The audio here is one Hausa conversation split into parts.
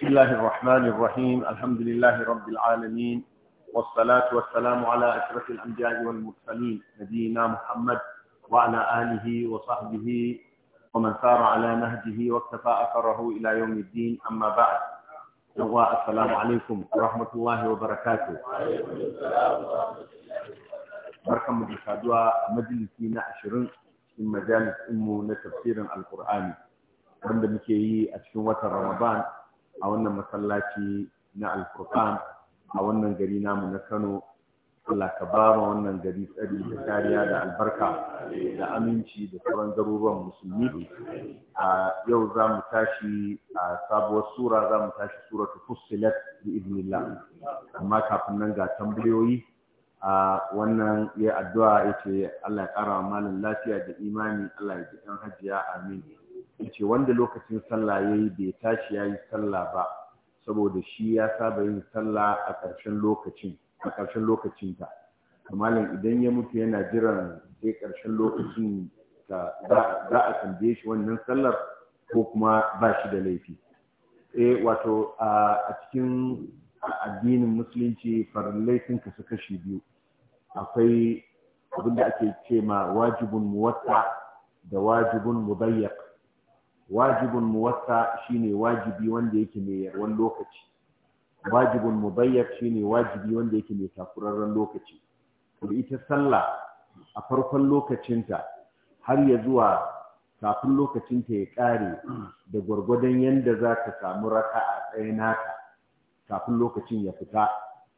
بسم الله الرحمن الرحيم الحمد لله رب العالمين والصلاة والسلام على أشرف الأنبياء والمرسلين نبينا محمد وعلى آله وصحبه ومن سار على نهجه واكتفى أثره إلى يوم الدين أما بعد السلام عليكم ورحمة الله وبركاته بركة مجلسة مجلسنا عشرين من مجالس أمه تفسير القرآن عندما كي أتشوى رمضان a wannan masallaci na alfurqan a wannan gari namu na Kano Allah ka ba mu wannan gari tsari da kariya da albarka da aminci da sauran garuruwan musulmi a yau za mu tashi a sabuwar sura za mu tashi suratu fussilat bi idnillah amma kafin nan ga tambayoyi a wannan ya addu'a ce, Allah ya kara wa malam lafiya da imani Allah ya ji dan hajiya amin yace wanda lokacin sallah ya yi bai tashi ya yi sallah ba saboda shi ya saba yin sallah a ƙarshen lokacin a ƙarshen lokacin ta idan ya mutu yana jiran sai ƙarshen lokacin ta za a tambaye shi wannan sallar ko kuma ba shi da laifi eh wato a cikin addinin musulunci farin ka su kashi biyu akwai abinda ake ce ma wajibun muwatta da wajibun mubayyak wajibun muwassa shine wajibi wanda yake mai yarwan lokaci wajibun mubayyar shine wajibi wanda yake mai takurarren lokaci to ita sallah a farkon lokacinta har ya zuwa kafin lokacinta ya kare da gwargwadon yadda za ka samu raka'a ɗaya naka kafin lokacin ya fita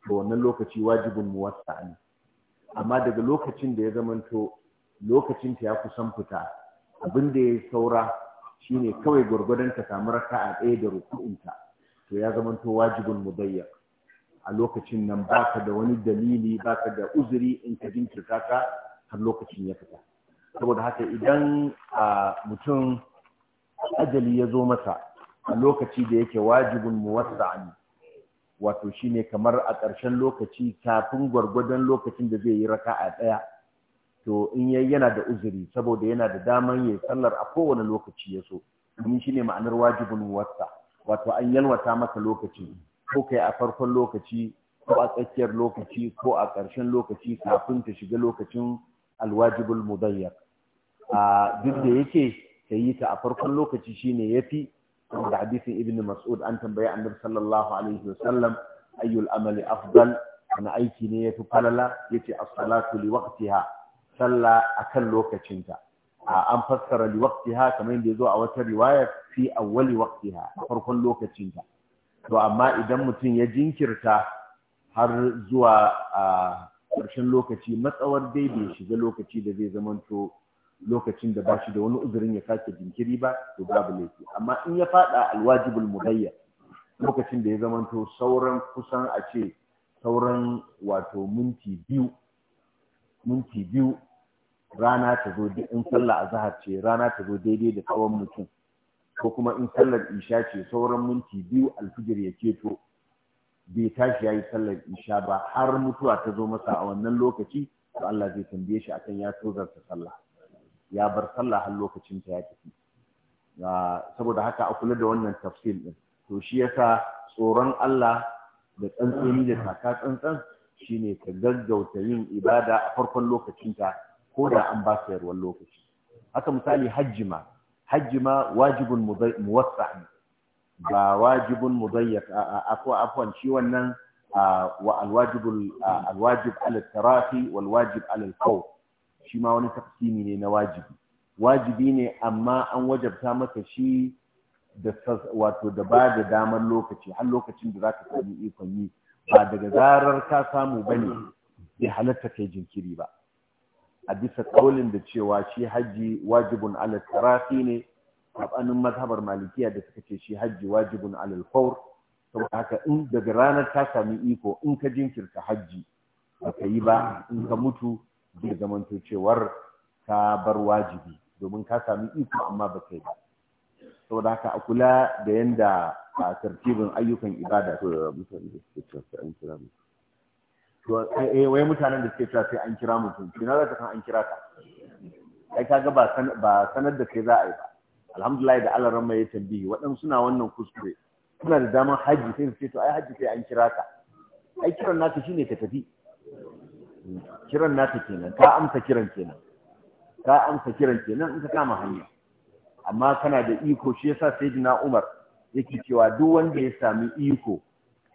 to wannan lokaci wajibin muwassa ne amma daga lokacin da ya zamanto lokacinta ya kusan fita abin da ya saura Shi ne kawai gwargwadon ka samu raka a ɗaya da ruku'unta to ya zamanto wajibin mudayyak a lokacin nan baka da wani dalili baka da uzuri in ka jinkirta ka har lokacin ya fita saboda haka idan a mutum ajali ya zo masa a lokaci da yake wajibin muwassa'ani wato shine kamar a ƙarshen lokaci kafin gwargwadon lokacin da zai yi raka a ɗaya to in yayi yana da uzuri saboda yana da daman yayi sallar a kowane lokaci ya so domin shine ma'anar wajibin muwatta wato an yalwata maka lokaci ko kai a farkon lokaci ko a tsakiyar lokaci ko a ƙarshen lokaci kafin ta shiga lokacin alwajibul mudayyak a duk da yake ka yi ta a farkon lokaci shine fi, da hadisin ibn mas'ud an tambaye annabi sallallahu alaihi sallam, ayyul amali afdal wani aiki ne yafi falala yace as-salatu li waqtiha sallah akan lokacinta A an fassara li waqtiha kamar yadda zo a wata riwaya fi awwali a farkon lokacinta to amma idan mutum ya jinkirta har zuwa a ƙarshen lokaci matsawar dai bai shiga lokaci da zai zamanto lokacin da ba shi da wani uzurin ya sake jinkiri ba to babu laifi amma in ya faɗa alwajibul mudayya lokacin da ya zamanto sauran kusan a ce sauran wato minti biyu minti biyu rana ta zo in sallah zahar ce rana ta zo daidai da tsawon mutum ko kuma in sallar isha ce sauran minti biyu alfijir ya keto bai tashi yayi sallar isha ba har mutuwa ta zo masa a wannan lokaci to Allah zai tambaye shi akan ya ta sallah ya bar sallah har lokacin ta ya tafi saboda haka a kula da wannan tafsir din to shi yasa tsoron Allah da tsantseni da taka tsantsan shine ka gaggauta yin ibada a farkon lokacinta ko da an ba yarwar lokaci haka misali hajji ma hajji ma wajibun muwassa ba wajibun mudayyak afwa afwan shi wannan wa alwajib ala tarafi wal shi ma wani tafsimi ne na wajibi wajibi ne amma an wajabta maka shi da wato da ba da damar lokaci har lokacin da zaka sami ikon yi ba daga zarar ka samu ba ne bai halatta kai jinkiri ba a bisa kaulin da cewa shi hajji wajibun alal tarafi ne sabanin mazhabar malikiya da suka ce shi hajji wajibun alal alfawr saboda haka in daga ranar ta sami iko in ka jinkirta hajji ba ka yi ba in ka mutu bai zamanto cewar ka bar wajibi domin ka sami iko amma ba kai ba saboda haka a kula da yanda a tartibin ayyukan ibada to mutane da suke cewa sai an kira mutum to eh wai mutanen da suke cewa sai an kira mutum shi na zaka san an kira ka ai kaga ba ba sanar da kai za a yi ba alhamdulillah da Allah ramma ya tambihi waɗansu suna wannan kuskure suna da damar haji sai su ce to ai haji sai an kira ka ai kiran naka shine ka tafi kiran naka kenan ka amsa kiran kenan ka amsa kiran kenan in ka kama hanya amma kana da iko shi yasa sayyidina Umar yake cewa duk wanda ya sami iko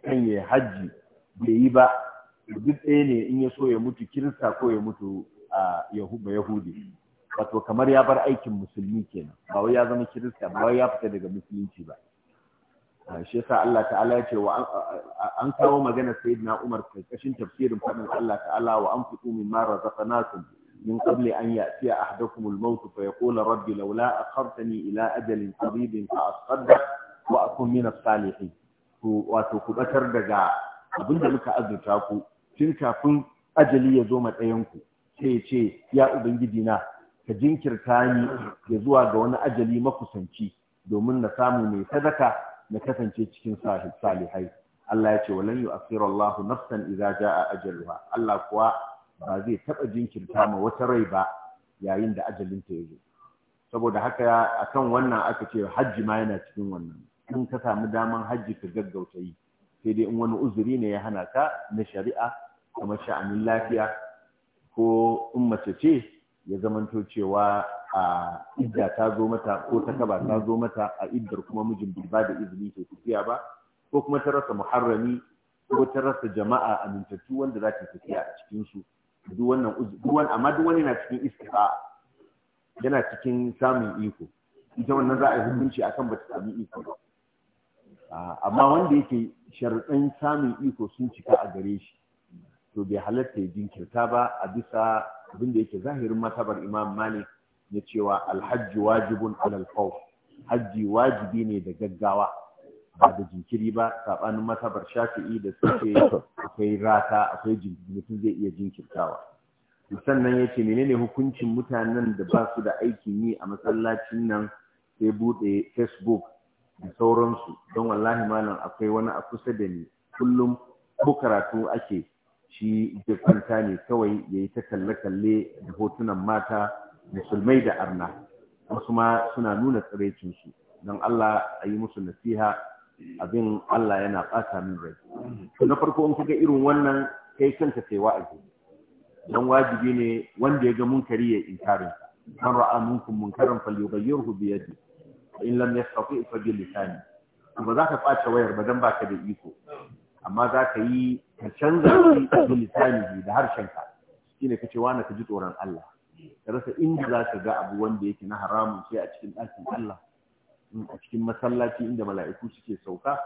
kan ya hajji bai yi ba duk ɗaya ne in ya so ya mutu kirista ko ya mutu a yahuba yahudi wato kamar ya bar aikin musulmi kenan ba wai ya zama kirista ba wai ya fita daga musulunci ba shi yasa Allah ta'ala ya ce wa an kawo magana sayyidina Umar karkashin tafsirin fadin Allah ta'ala wa an min anfiqu mimma razaqnakum من قبل ya يأتي أحدكم laula a رب ila ajalin إلى أجل قريب فأصدق wa akun salihi wato ku batar daga abinda muka azurta ku tun kafin ajali ya zo matsayin ku sai ya ce ya ubangiji na ka jinkirta ni ya zuwa ga wani ajali makusanci domin na samu mai sadaka na kasance cikin salihai Allah ya ce lan yu'akhiru Allahu nafsan idza jaa ajaluha Allah kuwa ba zai taba jinkirta ma wata rai ba yayin da ajalin ta yazo saboda haka akan wannan aka ce hajji ma yana cikin wannan in ka samu daman hajji ka gaggauta yi sai dai in wani uzuri ne ya hana ka na shari'a kamar sha'anin lafiya ko in mace ce ya zamanto cewa a idda ta zo mata ko ta kaba ta zo mata a iddar kuma mijin bai ba da izini ke tafiya ba ko kuma ta rasa muharrami ko ta rasa jama'a amintattu wanda za ta tafiya a cikin su duk wannan duk amma duk wani na cikin iska, yana cikin samun iko ita wannan za a yi hukunci akan bata ta sami iko ba Ah, amma wanda yake sharaɗin samun iko sun cika a gare shi to bai halatta ya jinkirta ba a bisa abin da yake zahirin matabar imam malik na cewa alhajji wajibun alal faw hajji wajibi ne da gaggawa ba da jinkiri ba saɓanin matabar shafi'i da suke akwai rata akwai jinkiri mutum zai iya jinkirtawa sannan ya ce menene hukuncin mutanen da ba su da aikin yi a masallacin nan sai buɗe facebook da sauransu don wallahi malam akwai wani a kusa da ni kullum ko karatu ake shi da kwanta ne kawai ya yi ta kalle-kalle da hotunan mata musulmai da arna wasu ma suna nuna tsiraicinsu don Allah a yi musu nasiha abin Allah yana ɓata min rai na farko in kuka irin wannan kai kanka sai wa'azi don wajibi ne wanda ya ga munkari ya inkarin man ra'a minkum munkaran falyughayyirhu bi yadihi in lam yastati fa bi lisani ba za ka kwace wayar ba dan baka da iko amma za ka yi ka canza shi da lisani da harshen ka shine kace wani ka ji tsoron Allah ka rasa inda za ka ga abu wanda yake na haramun sai a cikin ɗakin Allah a cikin masallaci inda mala'iku suke sauka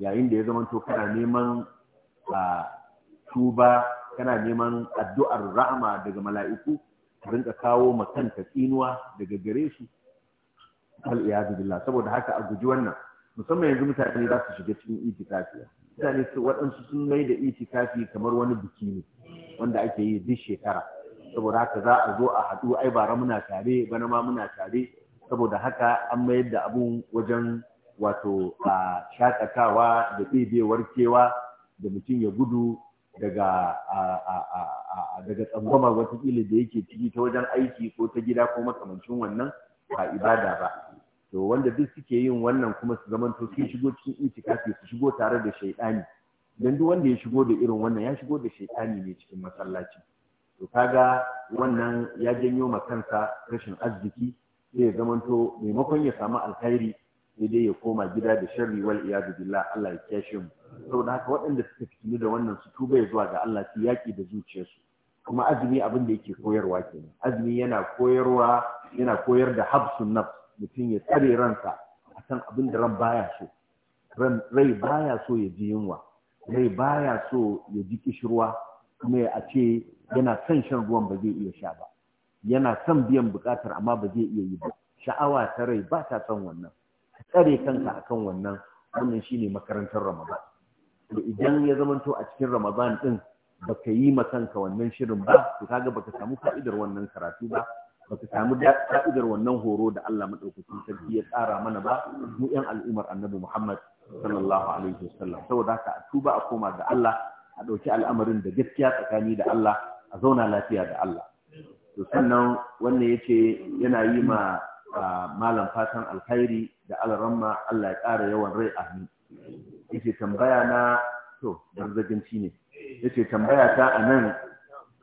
yayin da ya zama to kana neman a tuba kana neman addu'ar rahama daga mala'iku ka rinka kawo makanta ka tsinuwa daga gare su wal billah saboda haka a guji wannan musamman yanzu mutane za su shiga cikin itikafi mutane su waɗansu sun mai da itikafi kamar wani biki ne wanda ake yi duk shekara saboda haka za a zo a haɗu ai bara muna tare bana ma muna tare saboda haka an mayar da abun wajen wato a shakatawa da ɗebewar kewa da mutum ya gudu daga daga tsangwama watakila da yake ciki ta wajen aiki ko ta gida ko makamancin wannan ba ibada ba to wanda duk suke yin wannan kuma su zamanto sun shigo cikin itikafi su shigo tare da shaidani dan duk wanda ya shigo da irin wannan ya shigo da shaidani ne cikin masallaci to kaga wannan ya janyo ma kansa rashin arziki sai ya zamanto maimakon ya samu alkhairi sai dai ya koma gida da sharri wal iyadu billah Allah ya kiyashe mu saboda haka waɗanda suka fitinu da wannan su tuba zuwa ga Allah su yaki da zuciyarsu kuma azumi abin da yake koyarwa kenan azumi yana koyarwa yana koyar da habsun nafs mutum ya tsare ransa akan abin da ran baya so rai baya so ya ji yunwa rai baya so ya ji kishirwa kuma ya ce yana son shan ruwan ba zai iya sha ba yana son biyan bukatar amma ba zai iya yi ba sha'awa ta rai ba ta son wannan Ka tsare kanka a kan wannan wannan shine makarantar ramadan to idan ya zamanto a cikin ramadan din baka yi ma kanka wannan shirin ba to kaga baka samu fa'idar wannan karatu ba ba ka samu ka'idar wannan horo da Allah maɗaukakin sarki ya tsara mana ba mu yan al'ummar annabi Muhammad sallallahu alaihi wasallam saboda haka a tuba a koma ga Allah a ɗauki al'amarin da gaskiya tsakani da Allah a zauna lafiya da Allah to sannan wannan yace yana yi ma malam fatan alkhairi da alramma Allah ya ƙara yawan rai amin yace tambaya na to barzaginci ne yace tambaya ta anan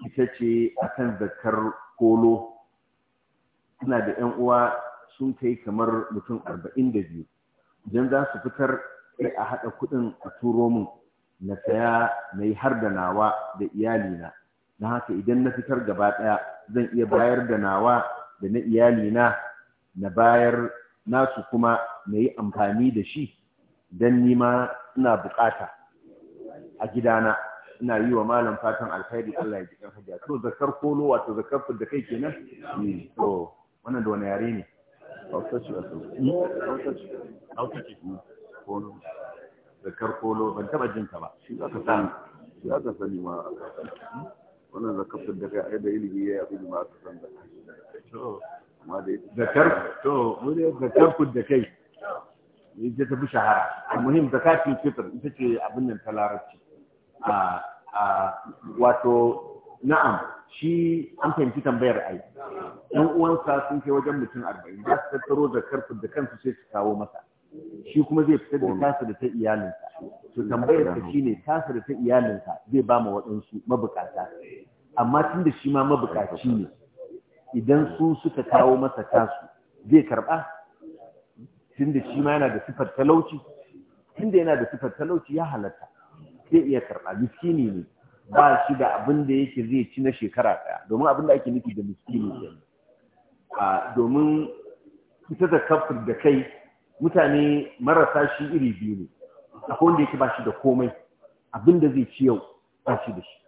ita ce akan zakar kolo suna da yan uwa sun kai kamar mutum arba'in da biyu idan za su fitar sai a haɗa kuɗin a turo mun na saya na yi har da nawa da iyalina na haka idan na fitar gaba ɗaya zan iya bayar da nawa da na iyalina na bayar nasu kuma na yi amfani da shi don nima suna bukata a gidana ina yi wa malam fatan alkhairi Allah ya ji kan da to zakar kolo wato zakar da kai kenan mm. to wannan da wani yare ne hausaci hmm? hausaci hausaci hmm. ko zakar kolo ban taba jin ta ba shi aka sani shi aka sani ma hmm? wannan zakar da kai ai da ilimi ya yi ma aka san da to amma da zakar to mun zakar ku da kai ne je ta bi shahara almuhim zakatul fitr ita ce abin nan ta larabci a ah, ah, wato na'am shi an fahimci tambayar ai ɗan uwansa sun kai wajen mutum arba'in za su tattaro zakar da kansu sai su kawo masa shi kuma zai fitar da tasa da ta iyalinsa to tambayar ta ne tasa da ta iyalinsa zai ba ma waɗansu mabukata amma tun da shi ma mabukaci ne idan su suka kawo masa tasu zai karɓa tun da shi ma yana da sifar talauci tun da yana da sifar talauci ya halatta zai iya karɓa miskini ne ba shi da abin da yake zai ci na shekara ɗaya domin abin da ake nufi da miskini ne a domin ita da kafir da kai mutane marasa shi iri biyu ne akwai wanda yake ba shi da komai abin da zai ci yau ba shi da shi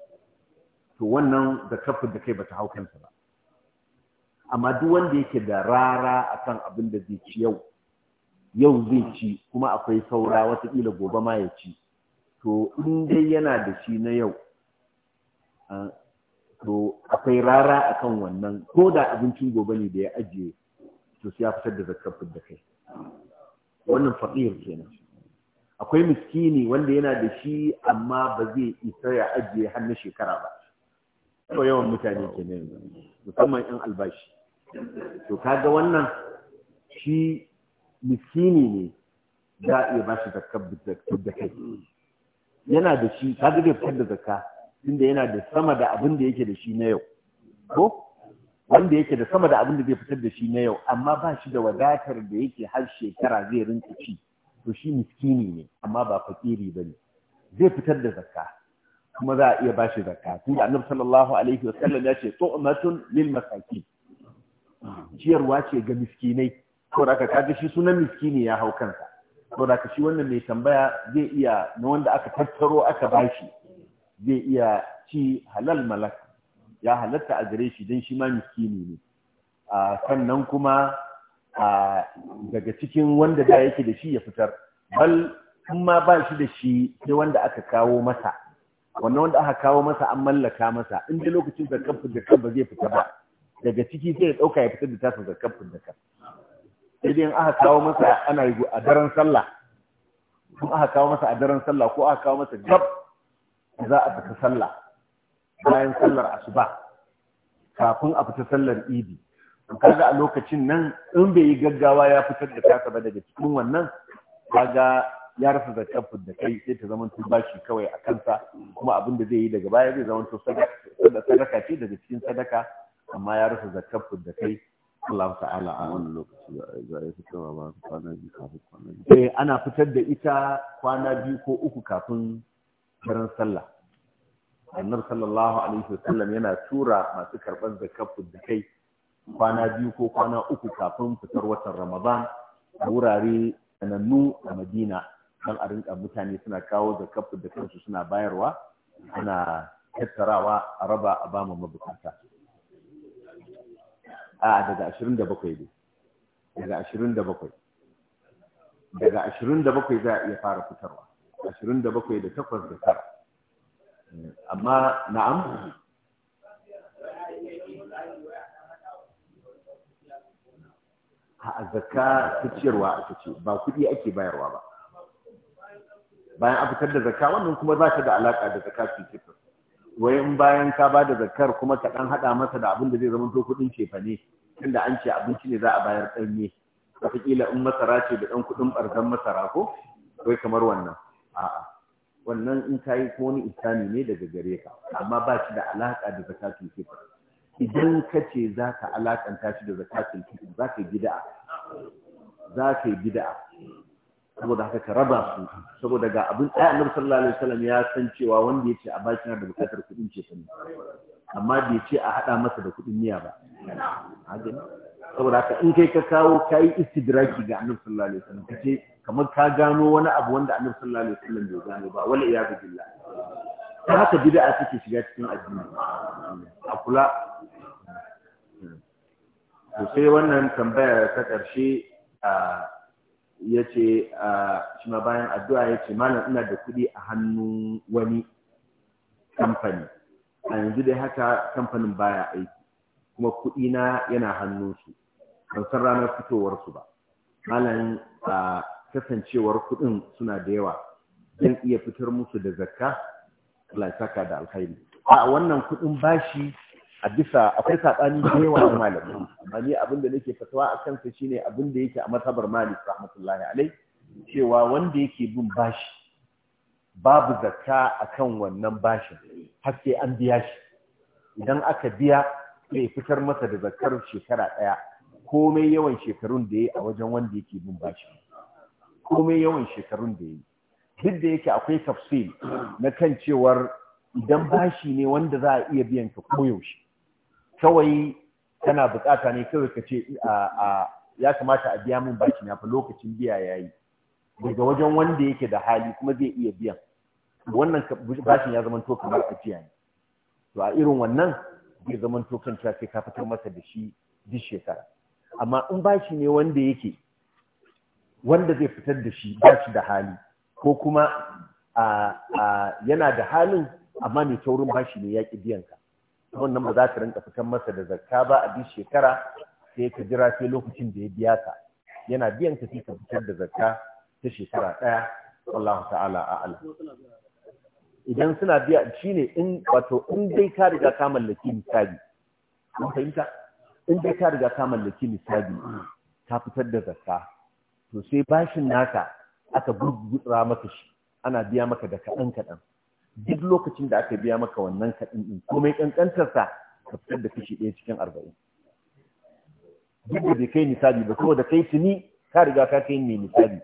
to wannan da kafir da kai ba ta hau kansa ba amma duk wanda yake da rara akan abin da zai ci yau yau zai ci kuma akwai saura watakila gobe ma ya ci to in dai yana da shi na yau Ah, to akwai rara akan wannan ko da abincin gobe ne da ya ajiye to sai ya fitar da zakar da kai wannan faqir kenan akwai miskini wanda yana da shi amma ba zai isa ya ajiye har na shekara ba to yawan mutane kenan musamman yan albashi to kaga wannan shi miskini ne za a iya ba shi zakar da kai yana da shi kaga zai fitar da zakka tunda yana da sama da abin da yake da shi na yau ko wanda yake da sama da abin da zai fitar da shi na yau amma ba shi da wadatar da yake har shekara zai rinka ci to shi miskini ne amma ba fakiri ba ne zai fitar da zakka kuma za a iya ba shi zakka tunda annabi sallallahu alaihi wasallam ya ce tu'matun lil masakin ciyarwa ce ga miskinai Ko da ka kaga shi sunan miskini ya hau kansa Ko da ka shi wannan mai tambaya zai iya na wanda aka tattaro aka bashi zai iya ci halal malak ya halatta a gare shi don shi ma miskini ne sannan kuma daga cikin wanda da yake da shi ya fitar bal kuma ba shi da shi sai wanda aka kawo masa wannan wanda aka kawo masa an mallaka masa in dai lokacin da kan ba zai fita ba daga ciki sai ya dauka ya fitar da tasa da kan. sai dai in aka kawo masa ana yi a daren sallah kuma aka kawo masa a daren sallah ko aka kawo masa gab za a fita sallah bayan sallar asuba kafin a fita sallar idi kaga a lokacin nan in bai yi gaggawa ya fitar da kasa ba daga cikin wannan kaga ya rasa zakafin da kai sai ta zama bashi kawai a kansa kuma abin da zai yi daga baya zai zama to sadaka ce daga cikin sadaka amma ya rasa zakafin da kai Allah ta'ala a wannan lokaci za a fitarwa ba kwana biyu kafin kwana biyu eh ana fitar da ita kwana biyu ko uku kafin daren sallah annar sallallahu alaihi wasallam yana tura masu karɓar da kafin da kai kwana biyu ko kwana uku kafin fitar watan ramadan a wurare sanannu a madina don a rinka mutane suna kawo da kafin da kansu suna bayarwa ana tattarawa a raba a bama mabukata a daga 27 ne daga 27 daga 27 za a iya fara fitarwa ashirin da bakwai da takwas da tara amma na'am a zakka ta ciyarwa ba kuɗi ake bayarwa ba bayan a fitar da zaka wannan kuma za ta da alaƙa da zakka su fito wai in bayan ka ba da zakkar kuma ka ɗan haɗa masa da abin da zai zama to kuɗin cefa ne tunda an ce abinci ne za a bayar ɗanye wataƙila in masara ce da ɗan kuɗin ɓarzan masara ko wai kamar wannan a'a wannan in ka yi ko wani isani ne daga gare ka amma ba shi da alaƙa da zakatun fitr idan ka ce za ka alaƙanta shi da zakatun fitr za ka yi bid'a za ka yi bid'a saboda haka ka raba su saboda ga abin ɗaya annabi sallallahu alaihi wasallam ya san cewa wanda ya ce a bashi na da bukatar kuɗin ce amma bai ce a haɗa masa da kuɗin miya ba saboda haka in kai ka kawo ka yi istidraki ga annabi sallallahu alaihi wasallam kace kamar ka gano wani abu wanda annabi sallallahu alaihi wasallam bai gano ba wala iya billah ta haka bid'a take shiga cikin addini a kula to sai wannan tambaya ta karshe a yace shi ma bayan addu'a yace malam ina da kuɗi a hannun wani kamfani a yanzu dai haka kamfanin baya aiki kuma kuɗi na yana su ban san ranar fitowarsu ba malan kasancewar kuɗin suna da yawa zan iya fitar musu da zakka lantaka da alkhairi a wannan kuɗin bashi a bisa akwai saɓani da yawa da malam. amma ni abin da nake fatawa a kansa shine abin da yake a matabar malik rahmatullahi alai cewa wanda yake bin bashi babu zakka akan wannan bashin haske an biya shi idan aka biya sai fitar masa da zakkar shekara ɗaya komai yawan shekarun da ya a wajen wanda yake bin bashi komai yawan shekarun da ya duk da yake akwai tafsir na kan cewar idan bashi ne wanda za a iya biyan ka koyaushe kawai kana bukata ne kawai ka ce ya kamata a biya min bashi na fa lokacin biya yayi daga wajen wanda yake da hali kuma zai iya biyan wannan bashin ya zama tokin kamar ajiya ne to a irin wannan zai zama tokin kan sai ka fitar masa da shi duk shekara amma in bashi ne wanda yake wanda zai fitar da shi bashi da hali ko kuma yana da halin amma mai taurin bashi ne ya ƙi biyan ka wannan ba za ka rinka fitar masa da zakka ba a duk shekara sai ka jira sai lokacin da ya biya ka yana biyan ka sai ka fitar da zakka ta shekara ɗaya wallahu ta'ala a Allah. idan suna biya shine in wato in dai ka riga ka mallaki misali mun fahimta in dai ka riga ka mallaki misali ka fitar da zakka to sai bashin naka aka gurgura maka shi ana biya maka da kaɗan kaɗan duk lokacin da aka biya maka wannan kaɗan ɗin komai sa, ka fitar da kashi ɗaya cikin arba'in duk da bai kai misali ba saboda kai tuni ka riga ka kai mai misali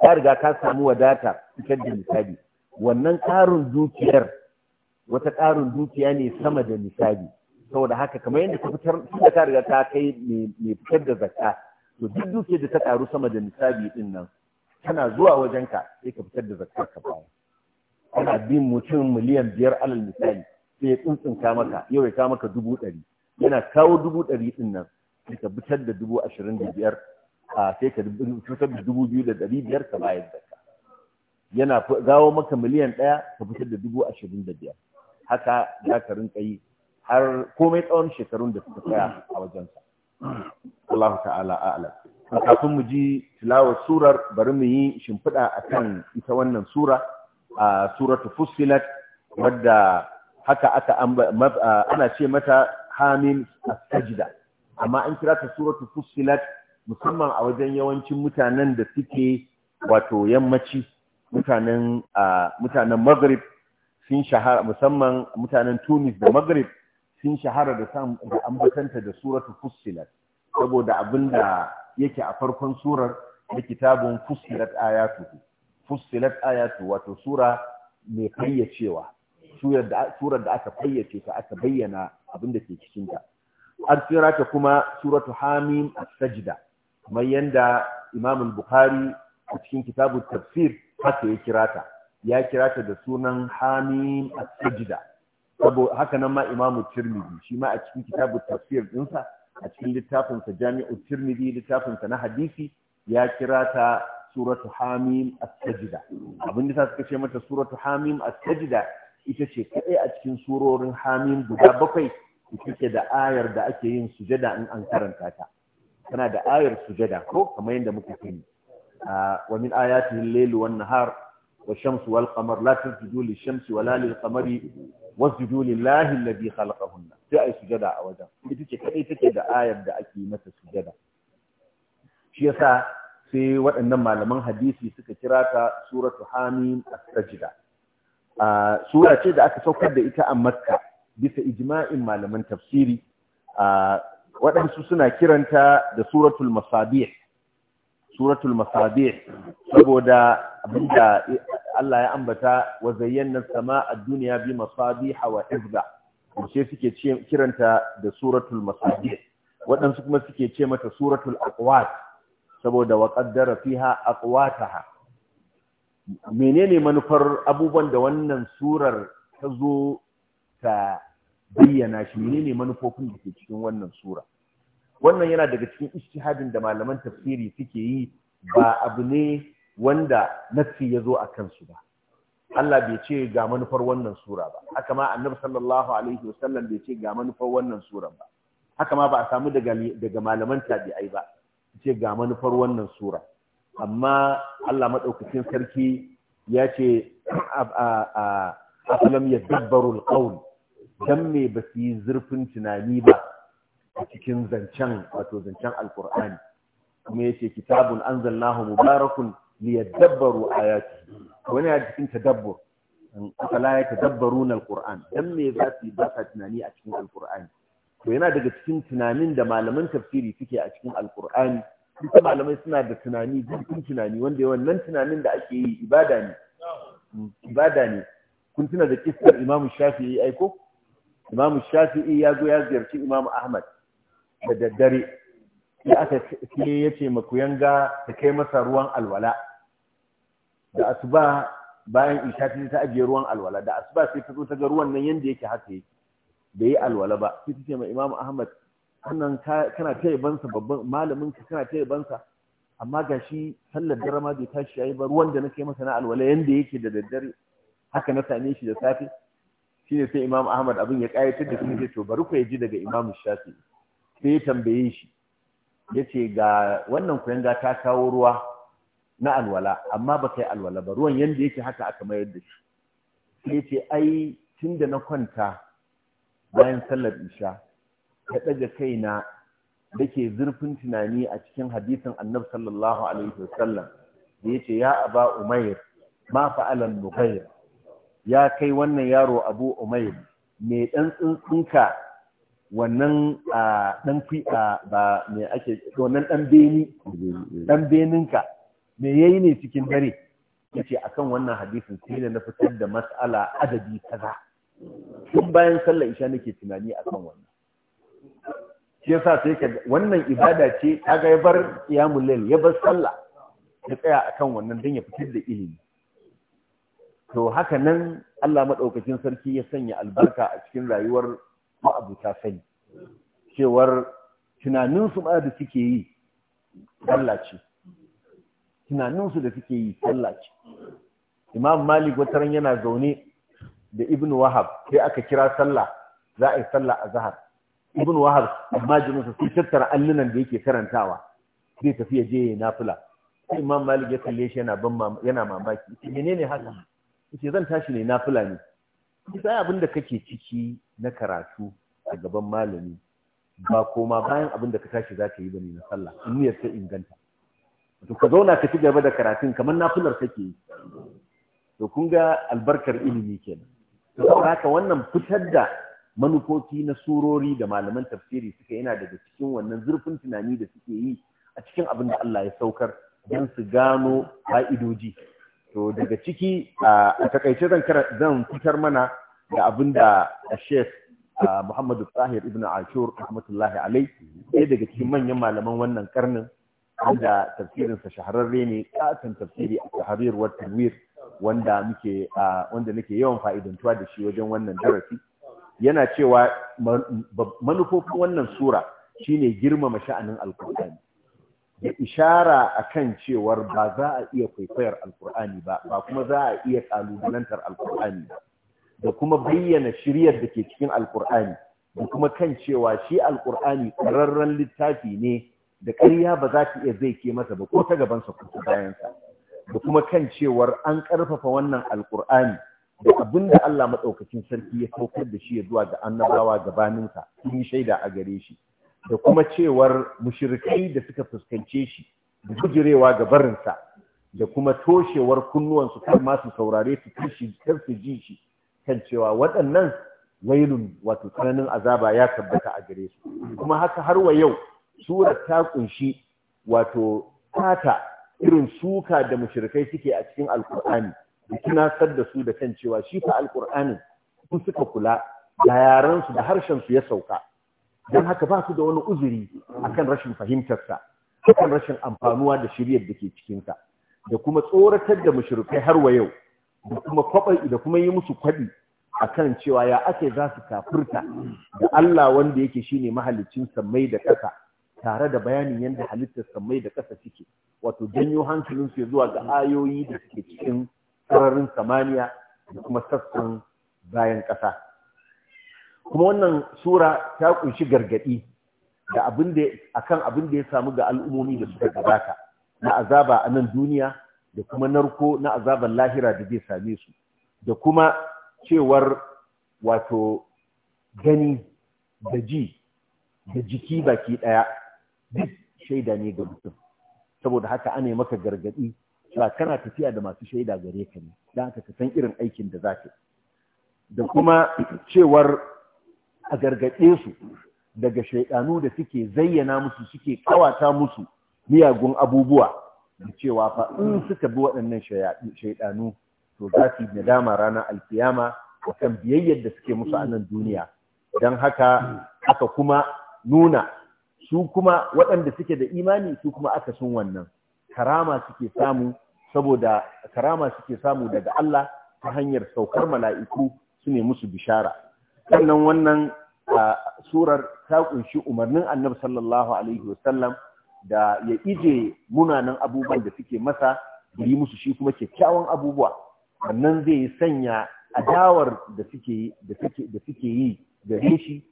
ka riga ka samu wadata fitar da misali wannan ƙarin dukiyar wata ƙarin dukiya ne sama da misali saboda haka kamar yadda ka fitar tun da ka riga ta kai mai fitar da zakka to duk dukiyar da ta karu sama da nisabi din nan tana zuwa wajen ka, sai ka fitar da zakkar ka baya ana bin mutum miliyan biyar alal misali sai ya tsuntsunka maka yau ya kawo maka dubu ɗari yana kawo dubu ɗari din nan sai ka fitar da dubu ashirin da biyar sai ka fitar da dubu biyu da ɗari biyar ka bayar ka yana gawo maka miliyan ɗaya ka fitar da dubu ashirin da biyar haka za ka rinka yi har komai tsawon shekarun da suka tsaya a wajensa Allah ta'ala a'lam kafin mu ji tilawar surar bari mu yi shimfiɗa a kan ita wannan sura a suratu fuskilar. wadda haka aka ana ce mata Hamin, as amma an kira ta suratu fuskilar musamman a wajen yawancin mutanen da suke wato yammaci mutanen mutanen maghrib sun shahara musamman mutanen tunis da maghrib sun shahara da san da ambatanta da suratu fussilat saboda abinda yake a farkon surar da kitabun fussilat ayatu fussilat ayatu wato sura mai fayyacewa surar da aka fayyace ta aka bayyana abinda ke cikin ta an tsira ta kuma suratu hamim as-sajda kamar yanda imam bukhari a cikin kitabun tafsir haka ya kirata ya kirata da sunan hamim as-sajda sabo haka nan ma imamu tirmidhi shi ma a cikin kitabu tafsir dinsa a cikin littafinsa jami'u tirmidhi littafinsa na hadisi ya kira ta suratu hamim as-sajda abin da suka ce mata suratu hamim as-sajda ita ce kadai a cikin surorin hamim guda bakwai ita da ayar da ake yin sujada in an karanta ta tana da ayar sujada ko kamar yadda muka sani wa min ayatihi al-lailu wan-nahar والشمس والقمر لا تسجدوا للشمس ولا للقمر واسجدوا لله الذي خلقهن تأي سجدة أوجه تتكي كأي تكي آية دا أكي متى سجدة شيسا sai waɗannan malaman hadisi suka kirata suratu hamim as-sajda sura ce da aka saukar da ita a makka bisa ijima'in malaman tafsiri waɗansu suna kiranta da suratul masabih suratul masabi saboda abinda Allah ya ambata wa zayyana sama duniya duniya bi masabih wa hifza sai suke kiranta da suratul masabi waɗansu kuma suke ce mata suratul aqwat saboda wa qaddara fiha aqwataha menene manufar abubuwan da wannan surar ta zo ta bayyana shi menene manufofin da ke cikin wannan sura wannan yana daga cikin istihadin da malaman tafsiri suke yi ba abu ne wanda nassi ya zo a kansu ba Allah bai ce ga manufar wannan sura ba haka ma annabi sallallahu alaihi wasallam bai ce ga manufar wannan sura ba haka ma ba a samu daga daga malaman tabi'ai ba ce ga manufar wannan sura amma Allah madaukakin sarki ya ce a afalam yadabbaru alqawl dan me ba su yi zurfin tunani ba a cikin zancen wato zancen alkur'ani kuma yace kitabun anzalnahu mubarakun liyadabbaru ayati wani a cikin tadabbur ya yatadabbaruna alquran dan me za su ba sa tunani a cikin alqur'ani to yana daga cikin tunanin da malaman tafsiri suke a cikin alqur'ani su malamai suna da tunani zurfin tunani wanda yawan nan tunanin da ake yi ibada ne hmm, ibada ne kun tuna da kissar imam shafi'i aiko imam shafi'i ya zo ya ziyarci imam ahmad da daddare sai aka sai ya ce makuyanga ta kai masa ruwan alwala da asuba bayan isha ta ta ajiye ruwan alwala da asuba sai ta zo ta ga ruwan nan yanda yake haka yake bai yi alwala ba sai ta ce ma Imam Ahmad wannan kana ta bansa babban malamin ka kana ta bansa. amma ga shi sallar darama ma bai tashi yayi ba ruwan da na kai masa na alwala yanda yake da daddare haka na same shi da safe shine sai Imam Ahmad abin ya kayatar da shi to bari ku ji daga Imam Shafi'i sai ya tambaye shi ya ce ga wannan kuyanga ta kawo ruwa na alwala amma ba kai alwala ba ruwan yadda yake haka aka mayar da shi sai ya ce ai tun da na kwanta bayan sallar isha ya ɗaga kaina da ke zurfin tunani a cikin hadisin annab sallallahu alaihi wasallam da ya ce ya aba umair ma fa'alan nugair ya kai wannan yaro abu umair mai ɗan tsuntsunka wannan ɗan a ba me ake wannan ɗan beni ɗan beninka me ya yi ne cikin dare ya ce a kan wannan hadisin sai da na fitar da matsala adadi ta za. tun bayan sallar isha nake tunani a kan wannan shi yasa sai ka wannan ibada ce ga ya bar qiyamul layl ya bar sallah ya tsaya akan wannan don ya fitar da ilimi to haka nan Allah maɗaukacin sarki ya sanya albarka a cikin rayuwar ma'abuta sani cewar tunaninsu ma da suke yi sallah ce tunaninsu da suke yi sallah ce imam malik wataran yana zaune da ibn wahab sai aka kira sallah za a yi sallah a zahar ibn wahab amma jininsa sun tattara allunan da yake karantawa zai tafi ya je ya nafila sai imam malik ya kalle shi yana mamaki menene haka yace zan tashi ne nafila ne sai abin da kake ciki na karatu a gaban malami ba koma bayan abin da ka tashi za ka yi ne na sallah in niyyar ta inganta to ka zauna ka ci gaba da karatun kamar nafilar kake yi to kun ga albarkar ilimi kenan to saboda haka wannan fitar da manufofi na surori da malaman tafsiri suka yana daga cikin wannan zurfin tunani da suke yi a cikin abin da Allah ya saukar don su gano fa'idoji to daga ciki a takaice zan fitar mana da abin da Sheikh Muhammadu Tahir Ibn Ashur rahmatullahi alai ɗaya daga cikin manyan malaman wannan karnin wanda tafsirinsa shahararre ne katon tafsiri a tahrir wa tanwir wanda muke wanda nake yawan fa'idantuwa da shi wajen wannan darasi yana cewa manufofin wannan sura shine girmama sha'anin alkur'ani da ishara a kan cewar ba za a iya kwaikwayar alkur'ani ba ba kuma za a iya kalubalantar alkur'ani da kuma bayyana shiryar da ke cikin alkur'ani da kuma kan cewa shi alkur'ani ƙararren littafi ne da ƙarya ba za ta iya zai ke masa ba ko ta gabansa ko ta bayansa da kuma kan cewar an ƙarfafa wannan alkur'ani da abin da Allah maɗaukacin sarki ya saukar da shi ya zuwa ga annabawa gabaninsa sun yi shaida a gare shi da kuma cewar mushirikai da suka fuskance shi da gujirewa ga barinsa da kuma toshewar kunnuwansu kan masu saurare su kashi kar su ji shi kan cewa waɗannan wailun wato tsananin azaba ya tabbata a gare su kuma haka har wa yau sura ta kunshi wato tata irin suka da mushirikai suke a cikin alkur'ani da sar da su da kan cewa shi fa alkur'anin sun suka kula da yaransu da harshen su ya sauka don haka ba su da wani uzuri akan rashin fahimtarsa akan rashin amfanuwa da shiryar da ke cikinsa da kuma tsoratar da mushirikai har wa yau da kuma kwabai da kuma yi musu kwaɗi akan cewa ya ake za su kafurta da Allah wanda yake shine mahalicin sammai da ƙasa tare da bayanin yadda halittar sammai da ƙasa suke wato janyo hankalin su zuwa ga ayoyi da suke cikin sararin samaniya da kuma sassan bayan ƙasa kuma wannan sura ta kunshi gargadi da abin da akan abin da ya samu ga al'ummomi da suka gabata na azaba a nan duniya da kuma narko na azaban lahira da zai same su da kuma cewar wato gani da ji da jiki baki daya duk shaida ne ga mutum saboda haka ana maka gargadi ba kana tafiya da masu shaida gare ka ne don haka ka san irin aikin da za ka da kuma cewar a gargaɗe su daga shaiɗanu da suke zayyana musu suke kawata musu miyagun abubuwa da cewa fa in suka bi waɗannan shaiɗanu to za su yi nadama ranar alkiyama kan biyayyar da suke musu a nan duniya don haka aka kuma nuna su kuma waɗanda suke da imani su kuma aka sun wannan karama suke samu saboda karama suke samu daga Allah ta hanyar saukar mala'iku su ne musu bishara sannan wannan surar ta kunshi umarnin annabi sallallahu alaihi wasallam da ya ije munanan abubuwan da suke masa da yi musu shi kuma kyakkyawan abubuwa wannan zai sanya adawar da suke da suke yi gare shi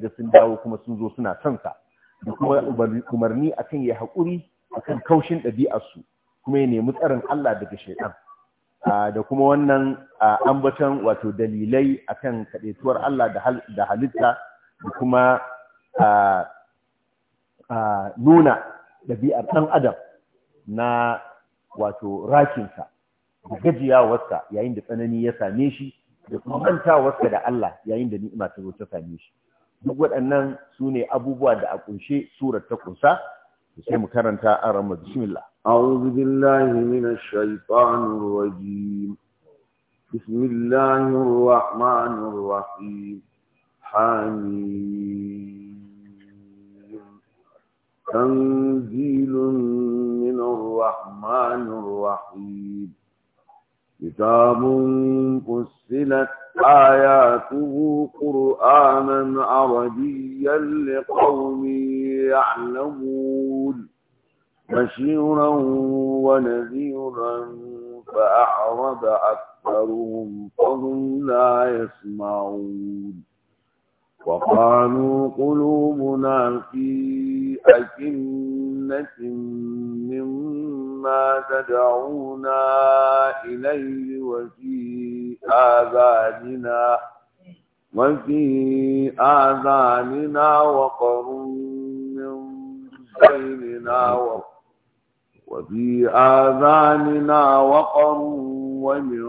da sun dawo kuma sun zo suna son sa da kuma umarni akan ya haƙuri akan kaushin ɗabi'arsu kuma ya nemi tsarin Allah daga shaidan da kuma wannan ambaton wato dalilai akan kaɗaituwar Allah da halitta da kuma nuna ɗabi'ar ɗan adam na wato rakinsa da gajiyawarsa yayin da tsanani ya same shi da kuma manta wasa da Allah yayin da ni'ima ta zo same shi duk waɗannan su ne abubuwa da a ƙunshe surar ta ƙunsa sai mu karanta an ramadu bismillah أعوذ بالله من الشيطان الرجيم بسم الله الرحمن الرحيم حميم تنزيل من الرحمن الرحيم كتاب فصلت آياته قرآنا عربيا لقوم يعلمون بشيرا ونذيرا فأعرض أكثرهم فهم لا يسمعون وقالوا قلوبنا في أكنة مما تدعونا إليه وفي آذاننا وفي آذاننا وقر من بيننا وقر وفي آذاننا وقر ومن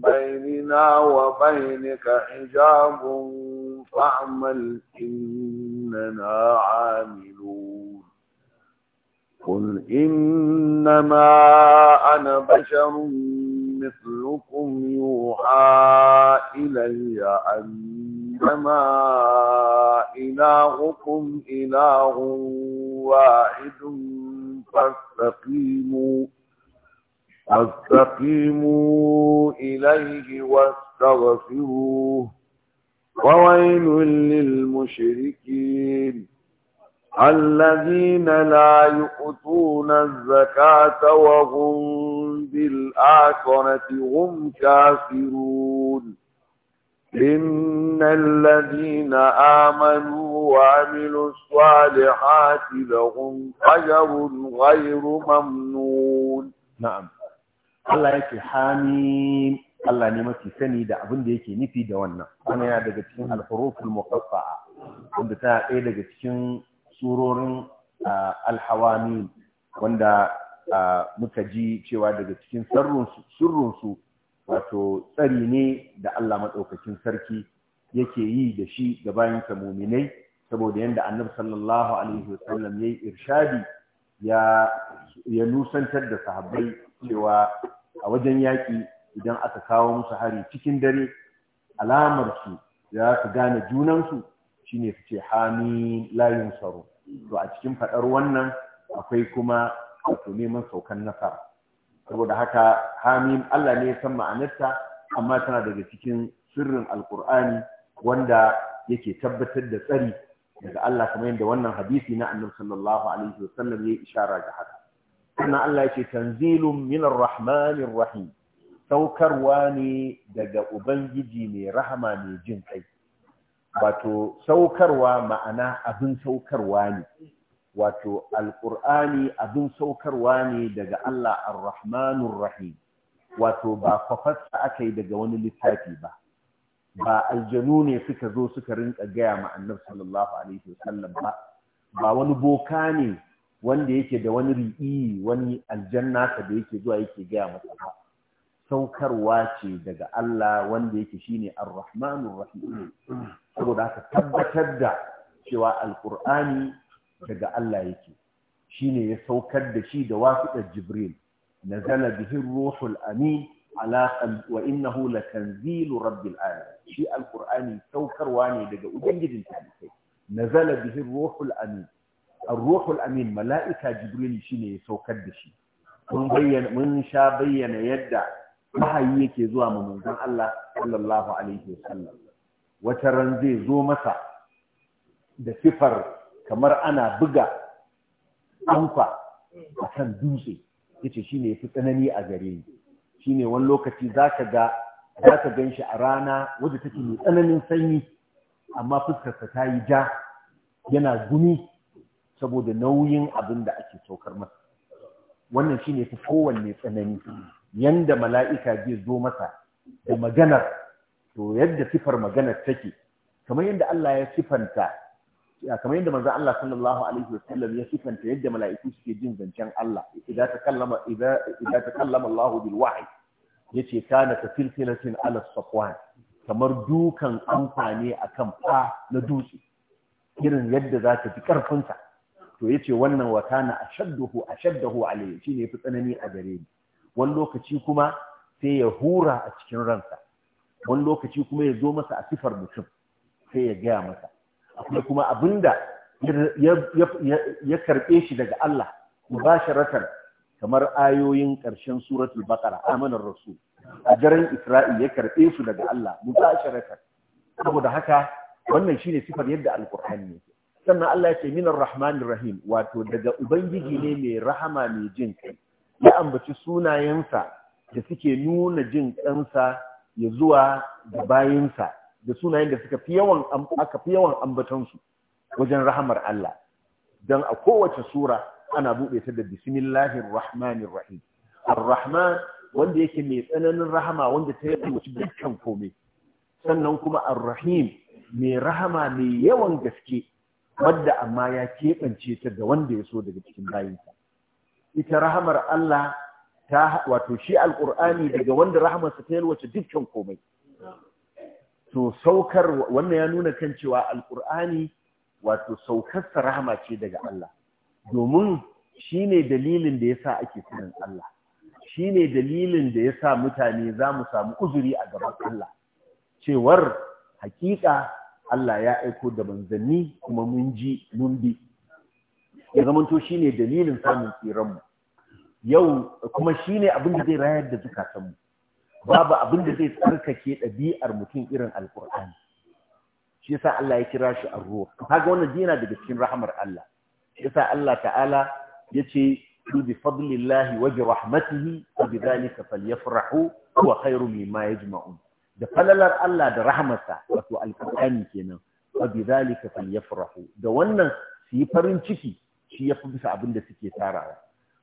بيننا وبينك حجاب فاعمل إننا عاملون قل إنما أنا بشر مثلكم يوحى إلي أنما إلهكم إله واحد فاستقيموا فاستقيموا إليه واستغفروه وويل للمشركين الذين لا يؤتون الزكاة وهم بالآخرة هم كافرون إن الذين آمنوا وعملوا الصالحات لهم أجر غير ممنون نعم الله يكي حاميم Allah ne mafi sani da abin da yake nufi da wannan wani yana daga cikin alhuruful muqaffa'a wanda ta ɗaya daga cikin surorin alhawami wanda muka ji cewa daga cikin sirrinsu wato tsari ne da Allah maɗaukakin sarki yake yi da shi ga bayansa muminai saboda yadda annabi sallallahu alaihi wasallam ya irshadi ya nusantar da sahabbai cewa a wajen yaƙi idan aka kawo musu hari cikin dare alamarsu za su gane junansu shine su ce hami layin tsaro to a cikin faɗar wannan akwai kuma wato neman saukan nasara saboda haka hamim Allah ne ya san ma'anarta amma tana daga cikin sirrin alkur'ani wanda yake tabbatar da tsari daga Allah kamar yadda wannan hadisi na annabi sallallahu alaihi sallam ya ishara ga haka sannan Allah ya ce tanzilun min arrahmanir rahim saukarwa ne daga ubangiji mai rahama mai jin kai wato saukarwa ma'ana abin saukarwa ne wato alƙur'ani abin saukarwa ne daga Allah ar-Rahmanur Rahim wato ba kwafatsa aka yi daga wani littafi ba ba aljanu ne suka zo suka rinka gaya ma annabi sallallahu alaihi wasallam ba ba wani boka ne wanda yake da wani ri'i wani aljanna ka da yake zuwa yake gaya masa ba saukarwa ce daga Allah wanda yake shine ar-Rahmanur Rahim saboda haka tabbatar da cewa alƙur'ani daga Allah yake shine ya saukar da shi da wasiƙar Jibril nazala bihin ruhul amin ala wa innahu latanzilu rabbil alamin shi alqur'ani saukarwa ne daga ubangijin talibai nazala bihin ruhul amin ar-ruhul amin mala'ika Jibril shine ya saukar da shi mun bayyana mun sha bayyana yadda wahayi yake zuwa mu manzon Allah sallallahu alaihi wasallam wata ran zai zo masa da sifar kamar ana buga amfa a kan dutse ce shi ne ya fi tsanani a gare ni Shi ne wani lokaci ka ga gan ganshi a rana wadda take mai tsananin sanyi amma fuskarsa ta yi ja yana gumi saboda nauyin abin da ake saukar masa wannan shi shine fi kowanne tsanani yanda mala'ika zai zo masa da maganar to yadda sifar maganar take kamar yadda Allah ya sifanta kamar yadda manzo Allah sallallahu alaihi wasallam ya sifanta yadda mala'iku suke jin zancen Allah idza takallama idza idza takallama Allah bil wahyi yace kana ka filfilatin ala safwan kamar dukan amfani akan fa na dutse irin yadda zaka ji karfin sa to yace wannan wa kana ashadduhu ashadduhu alayhi shine yafi tsanani a gare ni wani lokaci kuma sai ya hura a cikin ransa wani lokaci kuma ya zo masa a sifar mutum sai ya gaya masa akwai kuma abinda ya karɓe shi daga Allah ba mubasharatan kamar ayoyin ƙarshen suratul baƙara amanar rasu a daren isra'i ya karɓe su daga Allah ba mubasharatan saboda haka wannan shine sifar yadda alqur'ani ne. sannan Allah ya ce minar rahmanir rahim wato daga ubangiji ne mai rahama mai jin kai ya ambaci sunayensa da suke nuna jin kansa ya zuwa da bayinsa da sunayen da suka fi yawan aka fi yawan ambatansu wajen rahamar Allah dan a kowace sura ana bude ta da bismillahir rahmanir rahim ar-rahman wanda yake mai tsananin rahama wanda ta yi wuce dukkan komai sannan kuma ar-rahim mai rahama mai yawan gaske wadda amma ya keɓance ta da wanda ya so daga cikin bayinsa ita rahamar Allah ta wato shi alqur'ani daga wanda rahamarsa ta yalwace dukkan komai to saukar wannan ya nuna kan cewa alkur'ani wato saukarsa rahama ce daga Allah domin shine dalilin da yasa ake kiran Allah shine dalilin da yasa mutane za mu samu uzuri a gaban Allah cewar hakika Allah ya aiko da manzanni kuma mun ji mun bi ya zamanto shi ne dalilin samun mu. yau kuma shine ne abin da zai rayar da zukatanmu babu abin da zai tsarkake ɗabi'ar mutum irin alkur'ani shi yasa Allah ya kira shi a ruwa. kaga wannan dina daga cikin rahmar Allah shi yasa Allah ta'ala yace bi fadlillahi wa bi rahmatihi wa bi dhalika falyafrahu huwa khairu mimma yajma'un da falalar Allah da rahmarsa wato alkur'ani kenan wa bi dhalika falyafrahu da wannan su yi farin ciki shi yafi bisa abin da suke tarawa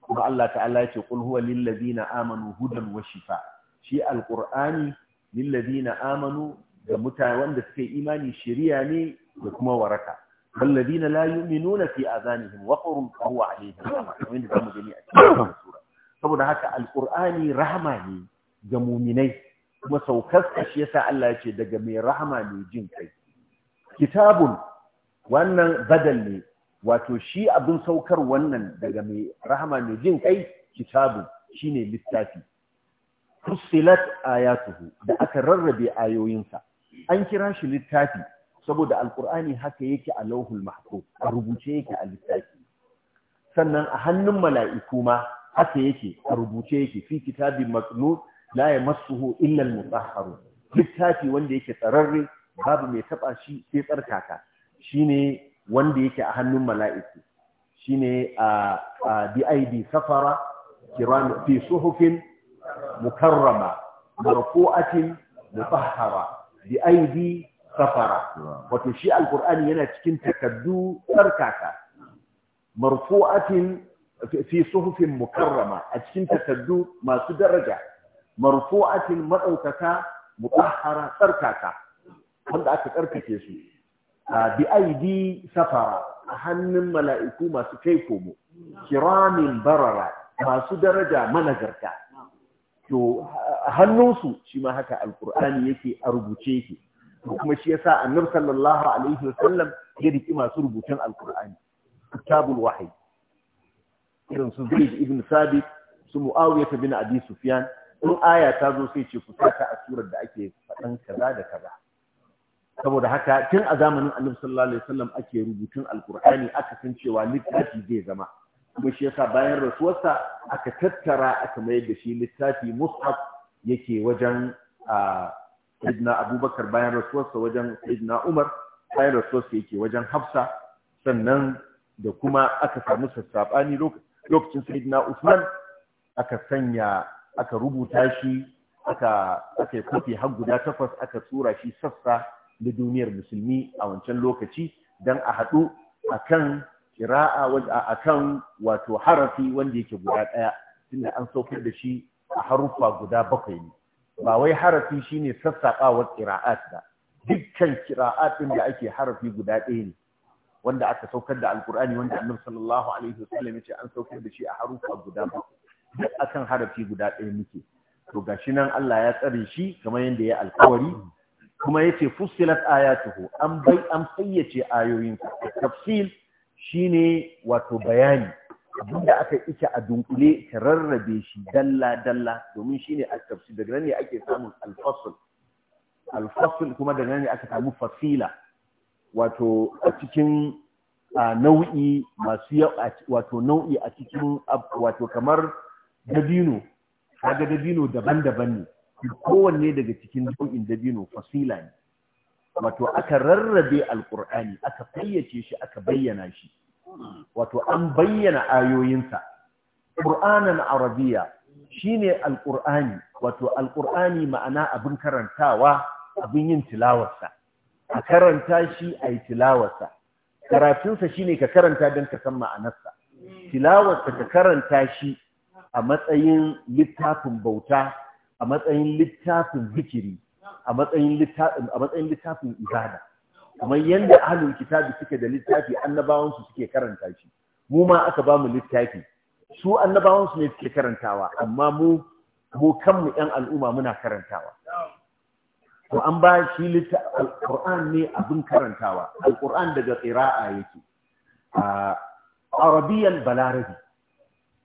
kuma Allah ta'ala ce: qul huwa lil ladina amanu hudan wa shifa shi alqur'ani lilladina amanu ga mutane wanda suke imani shiriya ne da kuma waraka walladina la yu'minuna fi azanihim waqrun fa huwa alayhim wanda zamu gani a cikin sura saboda haka alkur'ani rahama ne ga mu'minai kuma saukar shi yasa Allah ya ce daga mai rahama ne jin kai kitabun wannan badal ne wato shi abin saukar wannan daga mai rahama mai jin kai kitabu shine littafi fussilat ayatuhu da aka rarrabe ayoyinsa an kira shi littafi saboda alkur'ani haka yake a lauhul mahfuz a rubuce yake a littafi sannan a hannun mala'iku ma haka yake a rubuce yake fi kitabin maknu la yamassuhu illa al-mutahharun littafi wanda yake tsararre babu mai taba shi sai tsarkaka shine wanda yake a hannun mala'iku shine a bi safara kiram fi suhufin mukarrama marfu'atin mutahhara bi aidi safara wato shi Al-ƙur'ani yana cikin takaddu sarkaka marfu'atin fi suhufin mukarrama a cikin takaddu masu daraja marfu'atin madaukaka mutahhara sarkaka wanda aka tsarkake su bi aidi safara a hannun mala'iku masu kai kiramin barara masu daraja managarta to hannunsu shi ma haka alkur'ani yake a rubuce yake kuma shi yasa annabi sallallahu alaihi wasallam ya riki masu rubutun alkur'ani kitabul wahyi irin su Zaid ibn Sabit su Muawiya bin Abi Sufyan in aya ta zo sai ce ku saka a surar da ake faɗan kaza da kaza saboda haka tun a zamanin annabi sallallahu alaihi wasallam ake rubutun alkur'ani aka san cewa littafi zai zama kuma shi yasa bayan rasuwarsa aka tattara aka mayar da shi littafi mushaf yake wajen sayyidina abubakar bayan rasuwarsa wajen sayyidina umar bayan rasuwarsa yake wajen hafsa sannan da kuma aka samu sassabani lokacin sayyidina usman aka sanya aka rubuta shi aka aka kofi har guda takwas aka tsura shi sassa na duniyar musulmi a wancan lokaci don a haɗu a kan kira'a a kan wato harafi wanda yake guda ɗaya tunda an saukar da shi a haruffa guda bakwai ne ba wai harafi shine sassaƙawar kira'at ba dukkan kira'a ɗin da ake harafi guda ɗaya ne wanda aka saukar da alkur'ani wanda annabi sallallahu alaihi wasallam yace an saukar da shi a haruffa guda bakwai duk akan harafi guda ɗaya muke to gashi nan Allah ya tsare shi kamar yadda ya alkawari kuma yace fussilat ayatuhu an bai an fayyace ayoyin tafsil shine wato bayani abinda aka ita a dunkule ta rarrabe shi dalla dalla domin shine at-tafsir daga nan ne ake samun alfasul, alfasul kuma daga nan ne aka samu fasila wato a cikin nau'i masu wato nau'i a cikin wato kamar dabino kaga dabino daban-daban ne kowanne daga cikin nau'in dabino fasila ne wato aka rarrabe alkur'ani aka fayyace shi aka bayyana shi wato an bayyana ayoyinsa qur'anan arabiya shine alkur'ani wato alkur'ani ma'ana abin karantawa abin yin tilawarsa a karanta shi a yi tilawarsa karatunsa shine ka karanta don ka san ma'anarsa tilawarsa ka karanta shi a matsayin littafin bauta a matsayin littafin zikiri a matsayin littafin ibada kuma yadda ahalin kitabi suke da littafi annabawansu suke karanta shi mu ma aka ba mu littafi su annabawansu ne suke karantawa amma mu kanmu yan al'umma muna karantawa to an ba shi alquran ne abin karantawa alquran daga qira'a yake a arabiyan balarabi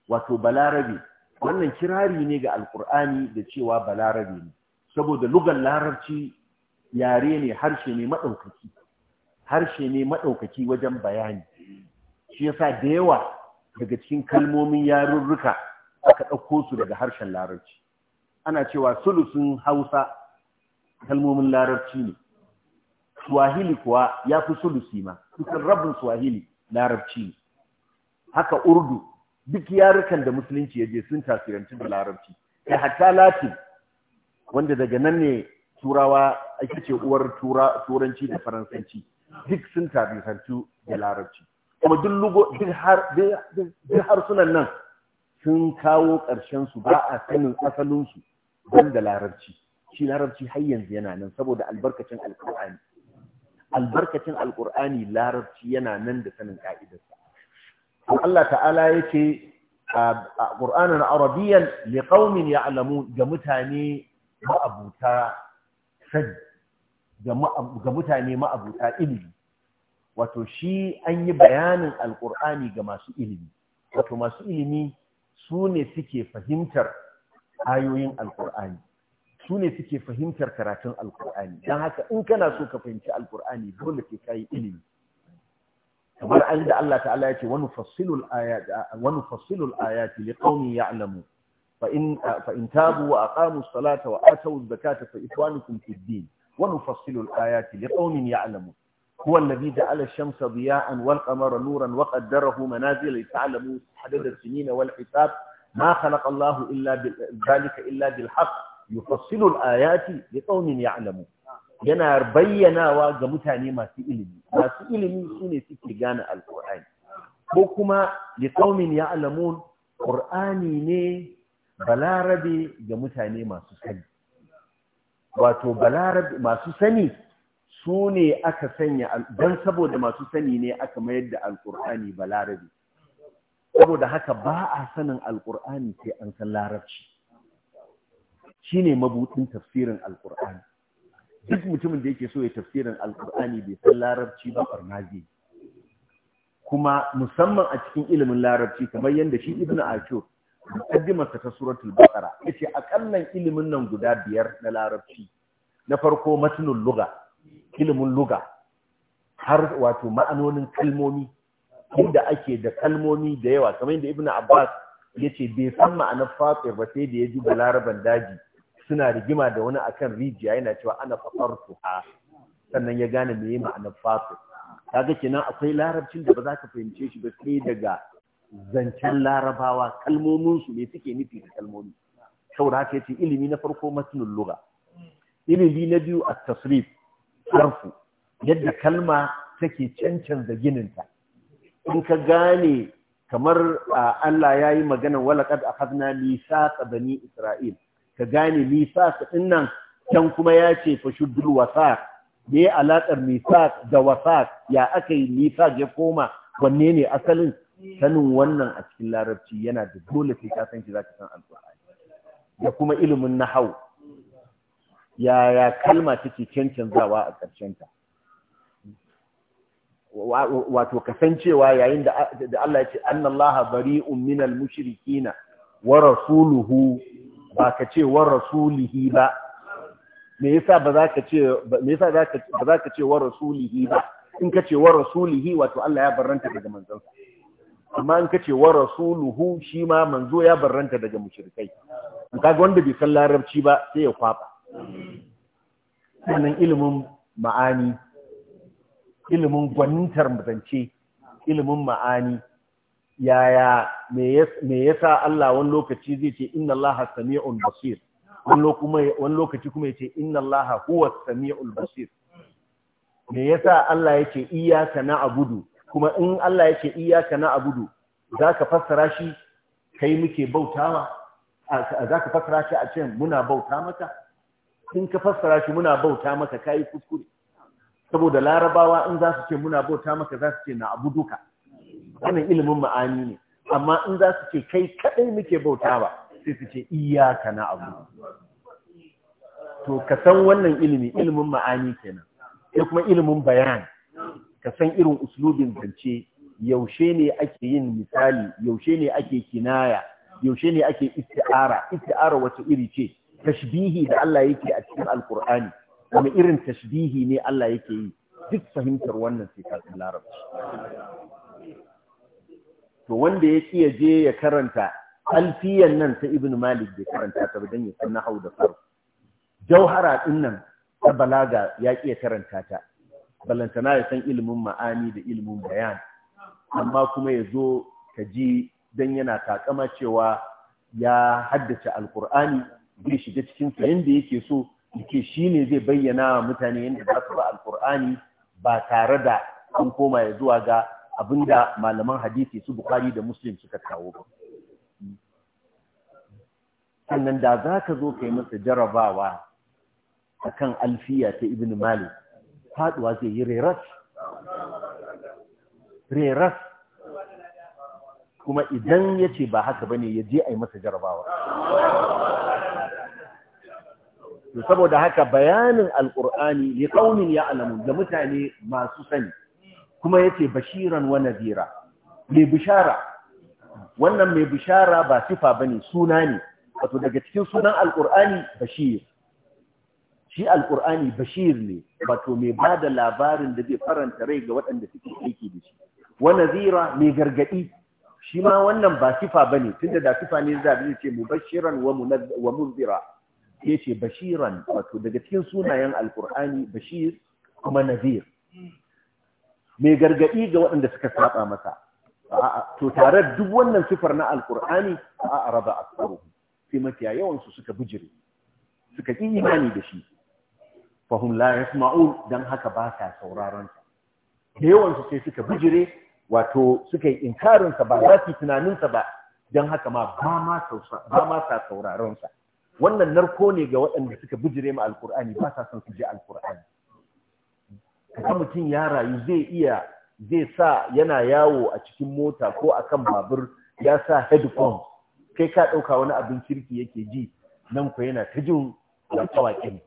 wato balarabi wannan kirari ne ga alkur'ani da cewa balarabi ne saboda lugan larabci yare ne harshe ne maɗaukaki harshe ne maɗaukaki wajen bayani shi yasa da yawa daga cikin kalmomin yarurruka aka ɗauko su daga harshen larabci ana cewa sulusun hausa kalmomin larabci ne swahili kuwa ya fi sulusi ma kusan rabin swahili larabci ne haka urdu duk yarukan da musulunci ya je sun tasirantu da larabci Ya hatta latin wanda daga nan ne turawa ake ce uwar turanci da faransanci duk sun tabisantu da larabci kuma duk lugo duk harsunan nan sun kawo ƙarshen su ba a sanin asalinsu don da larabci shi larabci har yanzu yana nan saboda albarkacin alƙur'ani albarkacin alƙur'ani larabci yana nan da sanin ka'idarsa Allah ta'ala ya ce a ƙur'anin arabiyan liƙaumin ya'lamu ga mutane ma'abuta sani ga mutane ma'abuta ilimi wato shi an yi bayanin alkur'ani ga masu ilimi wato masu ilimi su ne suke fahimtar ayoyin alkur'ani su ne suke fahimtar karatun alkur'ani don haka in kana so ka fahimci alkur'ani dole sai ka ilimi kamar an da Allah ta'ala ya ce wani fassilul ayati liqaumin ya'lamun فإن, فإن تابوا وأقاموا الصلاة وآتوا الزكاة فإخوانكم في الدين ونفصل الآيات لقوم يعلمون هو الذي جعل الشمس ضياء والقمر نورا وقدره منازل لتعلموا عدد السنين والحساب ما خلق الله إلا ذلك إلا بالحق يفصل الآيات لقوم يعلمون yana bayyanawa ga mutane masu ilimi masu ilimi sune suke gane alkur'ani ko kuma liqaumin ya'lamun qur'ani ne balarabe ga mutane masu sani wato balarabe masu sani su ne aka sanya don saboda masu sani ne aka mayar da alkur'ani balarabe saboda haka ba a sanin alkur'ani sai an san larabci shi ne mabudin tafsirin alkur'ani duk mutumin da yake so ya tafsirin alkur'ani bai san larabci ba farmazi kuma musamman a cikin ilimin larabci kamar yadda shi ibn ashur muqaddimarsa ta suratul baqara yace akallan ilimin nan guda biyar na larabci na farko matnul lugha ilimin lugha har wato ma'anonin kalmomi inda ake da kalmomi da yawa kamar yadda ibnu abbas yace bai san ma'anar fatir ba sai da ya ji balaraban daji suna rigima da wani akan rijiya yana cewa ana fatartu ha sannan ya gane me ma'anar fatir kaga kenan akwai larabcin da ba za ka fahimce shi ba sai daga zancen larabawa kalmominsu ne suke nufi da kalmomi saboda haka yace ilimi na farko matnul lura. ilimi na biyu a tasrif harfu, yadda kalma take cancanza ta. in ka gane kamar Allah ya yi magana a akhadna mithaqa bani isra'il ka gane mithaq din nan can kuma ya ce fa wasa? wasaq me alaƙar nisa da wasaq ya aka yi mithaq ya koma wanne ne asalin sanin wannan a cikin larabci yana da dole sai ka san shi zaka san alqur'ani da kuma ilimin nahau yaya kalma take cancanzawa a ƙarshen ta wato ka san cewa yayin da Allah ya ce annallaha bari'un minal mushrikina wa rasuluhu ba ka ce wa rasulihi ba me yasa ba za ka ce me yasa ba za ka ce wa rasulihi ba in ka ce wa rasulihi wato Allah ya barranta daga manzon sa amma in kace wa rasuluhu shi ma manzo ya barranta daga mushrikai kaga wanda bai san larabci ba sai ya kwaba Wannan ilimin ma'ani ilimin gwanintar mutance ilimin ma'ani yaya me yasa Allah wani lokaci zai ce inna Allah sami'un basir wani lokaci kuma ya ce inna Allah huwa sami'ul basir me yasa Allah ya ce iyyaka na'budu kuma in Allah yake abudu za ka fassara shi kai muke bautawa ka fassara shi a ce muna bauta maka in ka fassara shi muna bauta maka yi kuskure saboda larabawa in za su ce muna bauta maka za su ce na ka. wannan ilimin ma'ani ne amma in za su ce kai kadai muke bautawa sai su ce na abudu to ka san wannan ilimi ilimin ma'ani kenan sai kuma ilimin bayani ka san irin uslubin zance yaushe ne ake yin misali yaushe ne ake kinaya yaushe ne ake isti'ara isti'ara wata iri ce tashbihi da Allah yake a cikin alkur'ani wani irin tashbihi ne Allah yake yi duk fahimtar wannan sai ka larabci to wanda ya iya je ya karanta alfiyan nan ta ibn malik bai karanta ta dan ya san nahau da sarf jauhara din nan ta balaga ya iya karanta ta ballantana ya san ilimin ma'ani da ilimin bayan amma kuma ya zo ka ji don yana takama cewa ya haddace alkur'ani zai shiga cikin sa yanda yake so yake shi ne zai bayyana wa mutane yadda za su ba alkur'ani ba tare da an koma ya zuwa ga abinda malaman hadisi su bukari da muslim suka kawo ba sannan da za ka zo ka yi masa jarabawa kan alfiya ta ibn malik faduwa zai yi reras reras kuma idan ya ce ba haka ba ne ya je a yi masa jarabawa saboda haka bayanin alkur'ani ya kaunin ya alamu ga mutane masu sani kuma ya ce bashiran wa nazira mai bishara wannan mai bishara ba sifa ba ne suna ne wato daga cikin sunan alkur'ani bashir shi alkur'ani bashir ne wato mai ba da labarin da zai faranta rai ga waɗanda suke aiki da shi wa nazira mai gargaɗi shi ma wannan ba sifa ba ne tunda da sifa ne za a ce mubashiran wa munzira ya ce bashiran wato daga cikin sunayen alkur'ani bashir kuma nazir mai gargaɗi ga waɗanda suka saba masa to tare duk wannan sifar na alkur'ani a araba aksaruhu sai mafiya yawansu suka bijire suka ƙi imani da shi fahum la yasma'un dan haka ba sa sauraron ta. da yawan su sai suka bijire wato suka yi inkarin sa ba za su tunanin ba dan haka ma ba ma sa sauraron sa wannan narko ne ga waɗanda suka bijire ma alqur'ani ba sa son su ji alqur'ani kaga mutum ya rayu zai iya zai sa yana yawo a cikin mota ko a kan babur ya sa headphones kai ka ɗauka wani abin kirki yake ji nan ku yana ta jin tawaƙin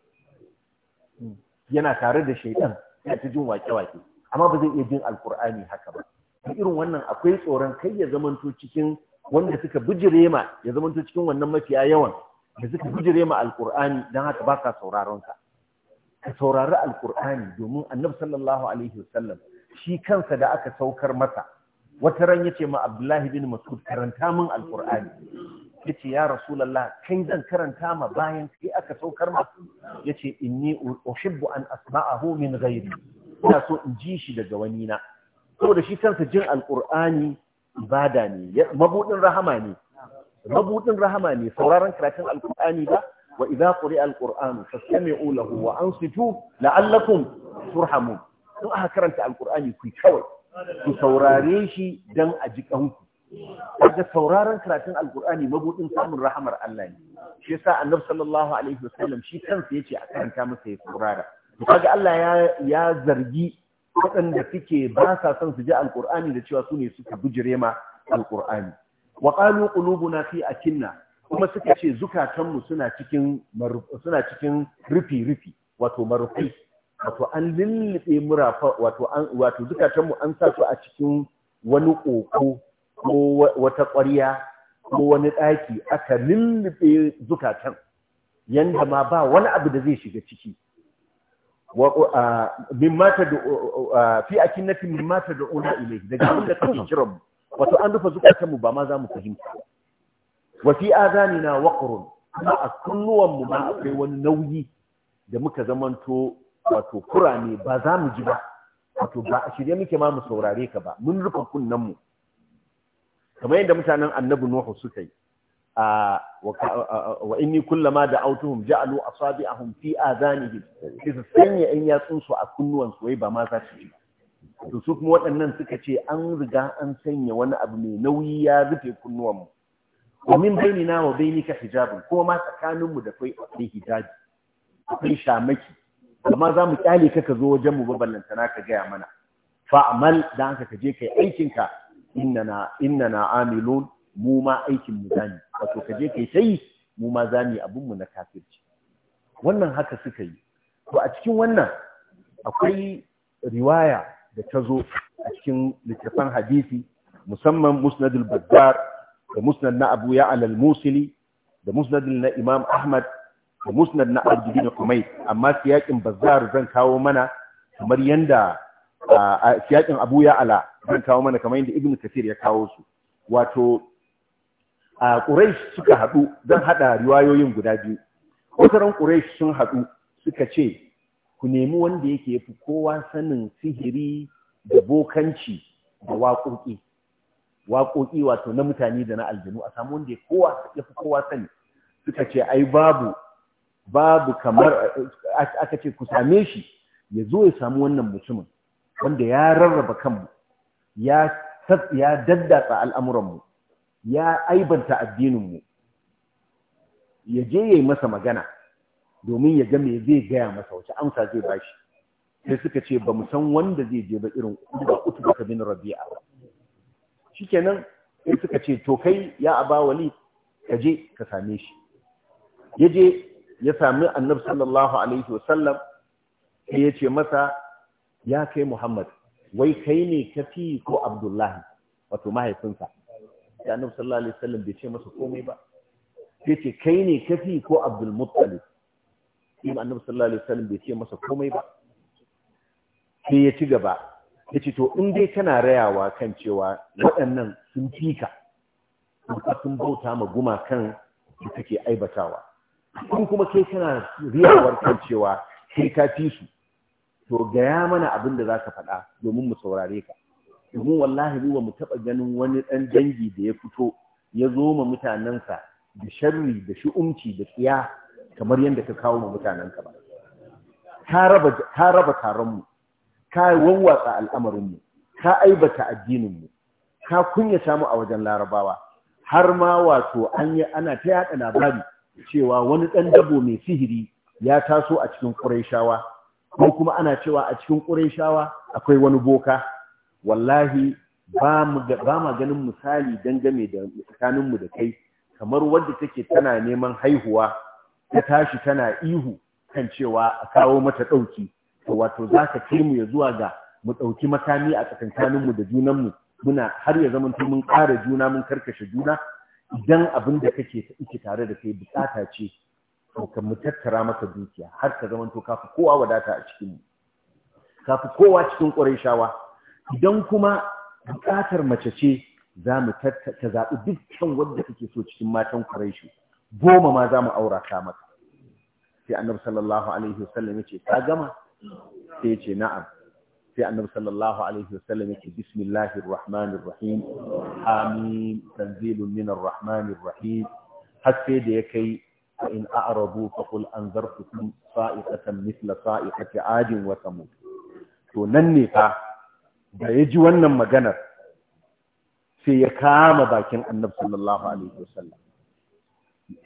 yana tare da shaidan yana ta jin wake-wake amma ba zai iya jin alkur'ani haka ba irin wannan akwai tsoron kai ya zamanto cikin wanda suka bijire ma ya zamanto cikin wannan mafiya yawan da suka bijire ma alkur'ani don haka baka sauraron ka ka saurari alkur'ani domin annabi sallallahu alaihi wasallam shi kansa da aka saukar masa wata ran yace ma abdullahi bin mas'ud karanta min alkur'ani ya ce ya rasulallah kai zan karanta ma bayan sai aka saukar ma ya ce inni uhibbu an asma'ahu min ghairi ina so in ji shi daga wani na saboda shi kansa jin alqur'ani ibada ne mabudin rahama ne mabudin rahama ne sauraron karatun alqur'ani ba wa idza quri'a alqur'anu fastami'u lahu wa ansitu la'allakum turhamun in aka karanta alqur'ani ku kawai ku saurare shi dan a ji kanku kaga sauraron karatun alkur'ani mabuɗin samun rahamar Allah ne shi yasa annabi sallallahu alaihi wasallam shi kansa ce a karanta masa ya saurara to kaga Allah ya zargi waɗanda suke ba sa son su ji alkur'ani da cewa su ne suka bujire ma alkur'ani wa qalu qulubuna fi akinna kuma suka ce zukatanmu suna cikin rufi rufi wato marufi wato an lullube murafa wato wato zukatanmu an sa su a cikin wani koko ko wata ƙwarya ko wani ɗaki aka lullube zukatan yadda ma ba wani abu da zai shiga ciki fi a kinnatin min mata da 'ona ile daga abin da kake kiran mu wato an rufe zukatan mu ba ma za mu fahimta wa fi na waƙurun, kuma a kunnuwan mu ma akwai wani nauyi da muka zamanto wato kurame ba za mu ji ba wato ba a shirye muke ma mu saurare ka ba mun rufe kunnen mu kamar yadda mutanen annabi nuhu suka yi wa inni kullama da autuhum ja'alu asabi'ahum fi adanihim su sanya yan ya su a kunnuwan su wai ba ma za su yi to su kuma waɗannan suka ce an riga an sanya wani abu mai nauyi ya rufe kunnuwan mu wa min bainina wa ka hijabin, kuma ma tsakanin mu da kai akwai hijabi akwai shamaki amma za mu kyale ka ka zo wajen mu ba ballantana ka gaya mana fa'amal da haka ka je kai aikin ka inna na amilun mu ma aikin mu zani wato ka je kai sai mu ma zani abin mu na kafirci wannan haka suka yi to a cikin wannan akwai riwaya da ta zo a cikin littafan hadisi musamman musnad al-bazzar da musnad na abu ya al-musili da musnad na imam ahmad da musnad na abdulbin humayt amma siyakin Bazar zan kawo mana kamar yanda siyakin abu ya ala zan kawo mana kamar yadda ibnu kathir ya kawo su wato a quraish suka hadu dan hada riwayoyin guda biyu wataran quraish sun hadu suka ce ku nemi wanda yake yafi kowa sanin sihiri da bokanci da waƙoƙi waƙoƙi wato na mutane da na aljanu a samu wanda kowa yafi kowa sani suka ce ai babu babu kamar aka ce ku same shi ya zo ya samu wannan mutumin wanda ya rarraba kanmu ya ya daddatsa al'amuranmu ya aibanta addininmu ya je ya yi masa magana domin ya ga zai gaya masa wace amsa zai ba shi? sai suka ce ba san wanda zai je ba irin ba utu ba bin rabi'a shi kenan sai suka ce to kai ya aba wali ka je ka same shi ya je ya sami annabi sallallahu alaihi wasallam ya ce masa ya kai muhammad wai kai ne kafi ko abdullahi wato mahaifinsa da nufi sallallahu alaihi wasallam bai ce masa komai ba sai ce kai ne kafi ko abdul muttalib sai annabi sallallahu alaihi wasallam bai ce masa komai ba sai ya ci gaba ya ce to in dai kana rayawa kan cewa waɗannan sun fi ka sun bauta ma guma kan da kake aibatawa In kuma kai kana riyawar kan cewa kai ka fi su to gaya mana abin da za ka faɗa domin mu saurare ka domin wallahi ba mu taɓa ganin wani ɗan dangi da ya fito ya zo ma mutanensa da sharri da shi'umci da tsiya kamar yadda ka kawo ma mutanenka ba ka raba taronmu ka wawwatsa al'amarinmu ka aibata addininmu ka kunyata mu a wajen larabawa har ma wato an yi ana ta yaɗa labari cewa wani ɗan dabo mai sihiri ya taso a cikin shawa. ko kuma ana cewa a cikin ƙurayshawa akwai wani boka wallahi ba ma ganin misali dangane da tsakaninmu da kai kamar wadda take tana neman haihuwa ta tashi tana ihu kan cewa a kawo mata ɗauki to wato za ka kai mu ya zuwa ga mu ɗauki makami a tsakaninmu da junanmu muna har ya zama mun ƙara juna mun karkashe juna idan abin da kake ike tare da kai bukata ce ka mu tattara maka dukiya har ka zamanto ka kafi kowa wadata a cikin mu kafi kowa cikin ƙurayshawa idan kuma buƙatar mace ce za mu ta zaɓi dukkan wanda kake so cikin matan ƙurayshi goma ma za mu aura ka maka sai annabi sallallahu alaihi wasallam ya ce ka gama sai ya ce na'am sai annabi sallallahu alaihi wasallam ce bismillahir rahmanir rahim amin tanzilun minar rahmanir rahim har sai da ya kai فإن أعرضوا فقل أنذرتكم صائقة مثل صائقة عاد وثمود تنني فا da ya ji wannan maganar sai ya kama bakin annabi sallallahu alaihi wasallam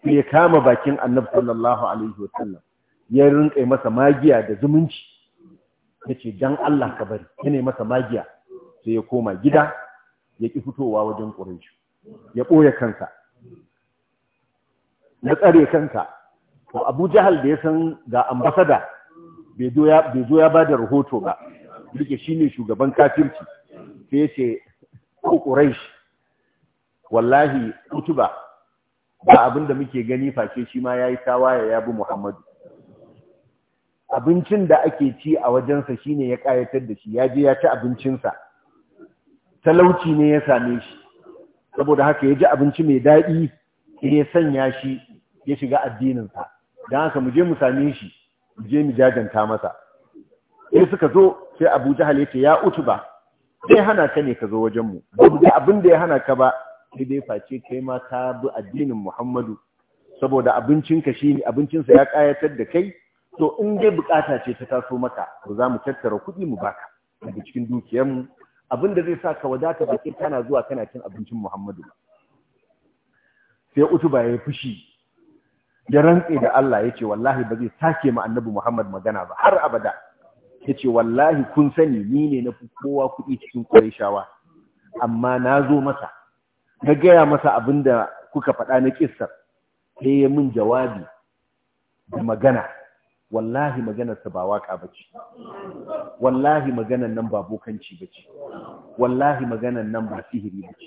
sai ya kama bakin annabi sallallahu alaihi wasallam ya rinka masa magiya da zumunci yace dan Allah ka bari yana masa magiya sai ya koma gida ya ki fitowa wajen ƙurinci ya ɓoye kansa na tsare kanka to abu jahal da ya san ga ambasada bai zo ya bada rahoto ba rike shi ne shugaban kafirci sai ya ce ƙuraish wallahi utuba ba abin da muke gani face shi ma ya yi tawaye ya bi muhammadu abincin da ake ci a wajensa shi ne ya ƙayatar da shi ya je ya ci abincinsa talauci ne ya same shi saboda haka ya ji abinci mai daɗi sai ya sanya shi ya shiga addininsa don haka mu je mu same shi muje mu jajanta masa sai suka zo sai abu jahal ya ce ya utu ba zai hana ka ne ka zo wajenmu babu da abin da ya hana ka ba sai dai face kai ma ka bi addinin muhammadu saboda abincinka shi ne abincinsa ya kayatar da kai to in dai bukata ce ta taso maka to za mu tattara kuɗi mu baka daga cikin dukiyarmu abin da zai sa ka wadata ba kana zuwa kana cin abincin muhammadu ba sai utuba ya fushi da rantse da Allah yace wallahi ba zai sake ma annabi Muhammad magana ba har abada ce wallahi kun sani ni ne na kowa kuɗi cikin Qurayshawa amma na zo masa na gaya masa abin da kuka faɗa na kissar sai ya min jawabi da magana wallahi maganarsa ba waka bace wallahi maganar nan ba bokanci bace wallahi maganar nan ba sihiri bace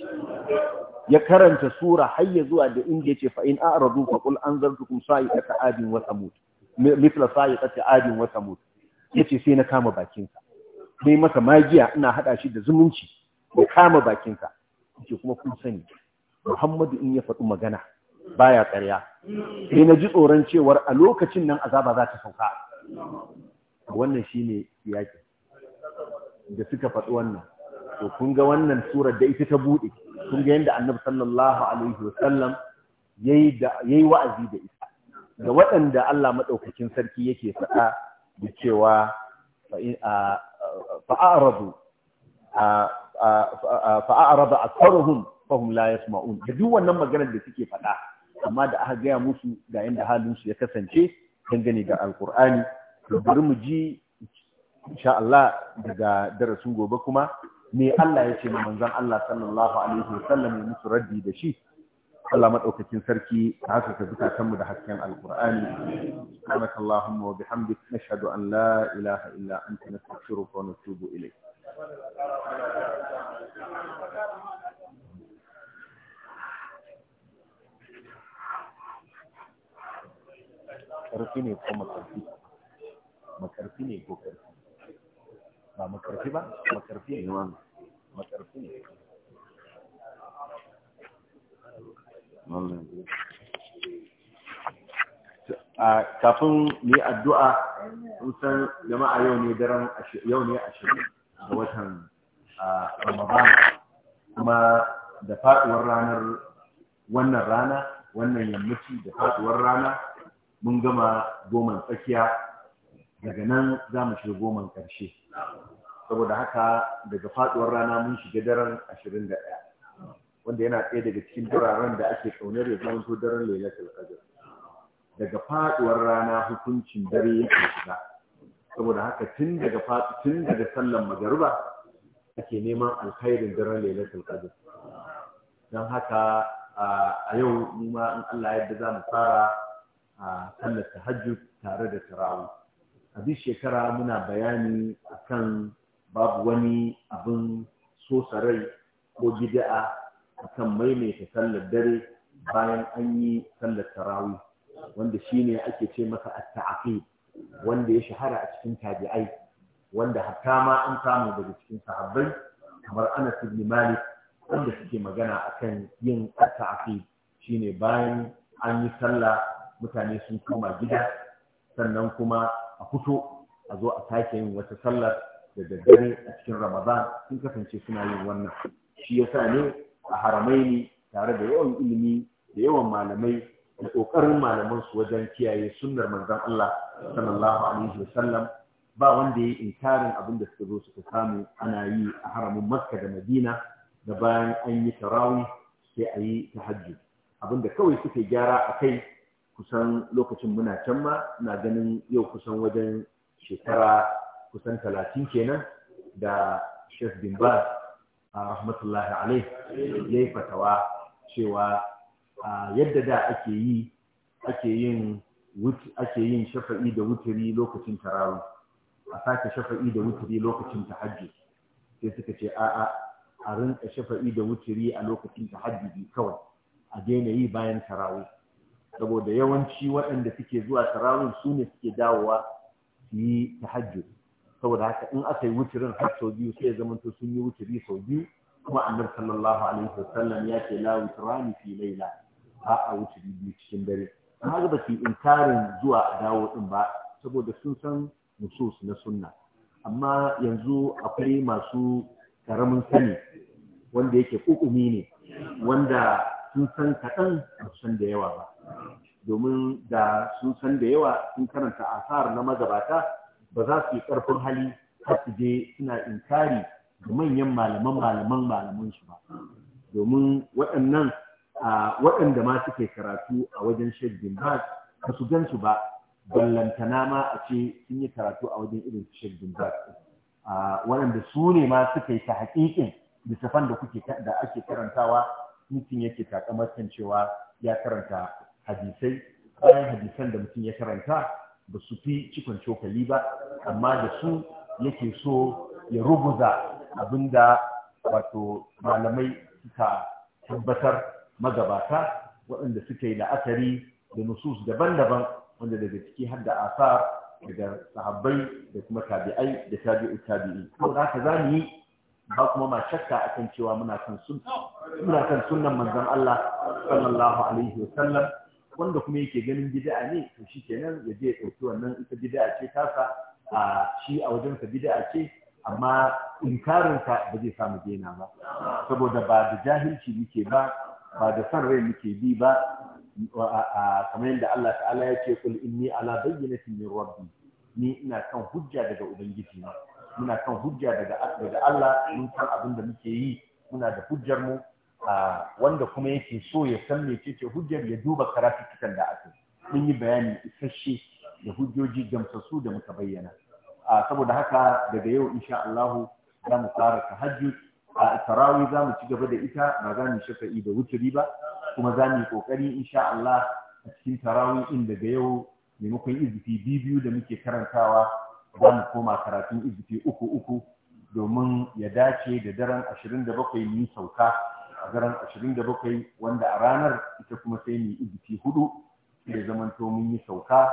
ya karanta sura har ya zuwa da inda yace fa in a'radu fa qul anzartukum sa'iqata adin wa samud mithla sa'iqati adin wa samud yace sai na kama bakin sa dai masa magiya ina hada shi da zumunci ya kama bakin sa yace kuma kun sani Muhammadu in ya faɗi magana baya ƙarya sai na ji tsoron cewar a lokacin nan azaba za ta sauka wannan shine yaki da suka faɗi wannan to kun ga wannan surar da ita ta buɗe kun ga yadda annabi sallallahu alaihi wa yayi da yayi wa'azi da ita ga waɗanda Allah madaukakin sarki yake faɗa da cewa fa'aradu a aktharuhum fahum la yasma'un da duk wannan maganar da suke faɗa amma da aka gaya musu ga yadda halin su ya kasance dangane da alkur'ani to bari mu ji insha Allah daga darasin gobe kuma me Allah ya ce ma manzon Allah sallallahu alaihi wa sallam ya musu raddi da shi Allah madaukakin sarki ka haka ka zukatan mu da hasken alqur'ani subhanaka allahumma wa bihamdik nashhadu an la ilaha illa anta nastaghfiruka wa natubu ilayk karfi ne ko makarfi makarfi ne ko karfi ba makarfi ba makarfi ne makarfi ne kafin yi addu'a sun san jama'a yau ne daren yau ne ashirin ga watan ramadan kuma da faduwar ranar wannan rana wannan yammaci da faduwar rana mun gama goman tsakiya daga nan za mu shiga goman ƙarshe saboda haka daga faɗuwar rana mun shiga daren ashirin da ɗaya wanda yana ɗaya daga cikin duraren da ake ƙaunar ya zama to daren lailatul qadr daga faɗuwar rana hukuncin dare yake shiga saboda haka tun daga tun daga sallan magariba ake neman alkhairin daren lailatul qadr don haka a yau mu ma in Allah yadda za mu fara sallar tahajjud tare da tarawih a duk shekara muna bayani akan babu wani abin so sarai ko bid'a akan maimaita sallar dare bayan an yi sallar tarawi, wanda shi ne ake ce masa atta'afi wanda ya shahara a cikin tabi'ai wanda hatta ma an samu daga cikin sahabbai kamar Anas ibn Malik wanda suke magana akan yin ta'afi shi shine bayan an yi sallah mutane sun koma gida sannan kuma a fito a zo a sake yin wata sallar da daddare a cikin ramadan sun kasance suna yin wannan shi sa ne a haramai ne tare da yawan ilimi da yawan malamai da ƙoƙarin malaman su wajen kiyaye sunnar manzon Allah sallallahu alaihi wasallam ba wanda ya yi inkarin abin da suka zo suka samu ana yi a haramin makka da madina da bayan an yi tarawih sai a yi tahajjud abin da kawai suke gyara a kai kusan lokacin muna can ma na ganin yau kusan wajen shekara kusan talatin kenan da Sheikh bin Baz a rahmatullahi alaih ya yi fatawa cewa yadda da ake yi ake yin ake yin shafa'i da wuturi lokacin tarawi a sake shafa'i da wuturi lokacin hajji sai suka ce a'a a rinka shafa'i da wuturi a lokacin tahajji kawai a daina yi bayan tarawih saboda yawanci waɗanda suke zuwa tarawih su ne suke dawowa su yi tahajjud saboda haka in aka yi wucirin har sau biyu sai zama zamanto sun yi wuciri sau biyu kuma annar sallallahu alaihi wa sallam ya ce la wutirani fi laila ba a wuciri biyu cikin dare amma ba in inkarin zuwa a dawo din ba saboda sun san nusus na sunna amma yanzu akwai masu karamin sani wanda yake kukumi ne wanda sun san kaɗan ba san da yawa ba domin da sun san da yawa sun karanta asar na magabata ba za su yi ƙarfin hali har su je suna inkari da manyan malaman malaman malaman su ba domin waɗannan waɗanda ma suke karatu a wajen Sheikh Bin ka ba su gan su ba ballantana ma a ce sun yi karatu a wajen irin Sheikh Bin Baz waɗanda su ne ma suka yi ta haƙiƙin littafan da da ake karantawa mutum yake takamatan cewa ya karanta hadisai bayan hadisan da mutum ya karanta ba su fi cikon cokali ba amma da su yake so ya rubuza abinda wato malamai suka tabbatar magabata waɗanda suka yi la'akari da nusus daban-daban wanda daga ciki har da asar daga sahabbai da kuma tabi'ai da tabi'u tabi'i saboda haka za mu yi ba kuma ma shakka akan cewa muna kan sun. suna kan sunnan manzon Allah sallallahu alaihi wasallam wanda kuma yake ganin bid'a ne to shi kenan ya je ya wannan ita bid'a ce tasa a shi a wajen sa bid'a ce amma inkarin ka ba zai samu daina ba saboda ba da jahilci muke ba ba da san rai muke bi ba kamar yadda Allah ta'ala ya ce kul inni ala bayyinatin min rabbi ni ina kan hujja daga ubangiji na muna kan hujja daga daga Allah mun san abin da muke yi muna da hujjar mu wanda kuma yake so ya san mecece hujjar ya duba karatukan da aka mun yi bayani isasshe da hujjoji gamsassu da muka bayyana saboda haka daga yau insha Allah za mu fara tahajjud a tarawih za mu ci gaba da ita ba za mu shafa'i da wuturi ba kuma za mu yi kokari insha Allah a cikin tarawih din daga yau maimakon izifi biyu da muke karantawa za mu koma karatun izifi uku uku domin ya dace da daren 27 mun sauka a daren 27 wanda a ranar ita kuma sai mu yi hudu sai zamanto mun yi sauka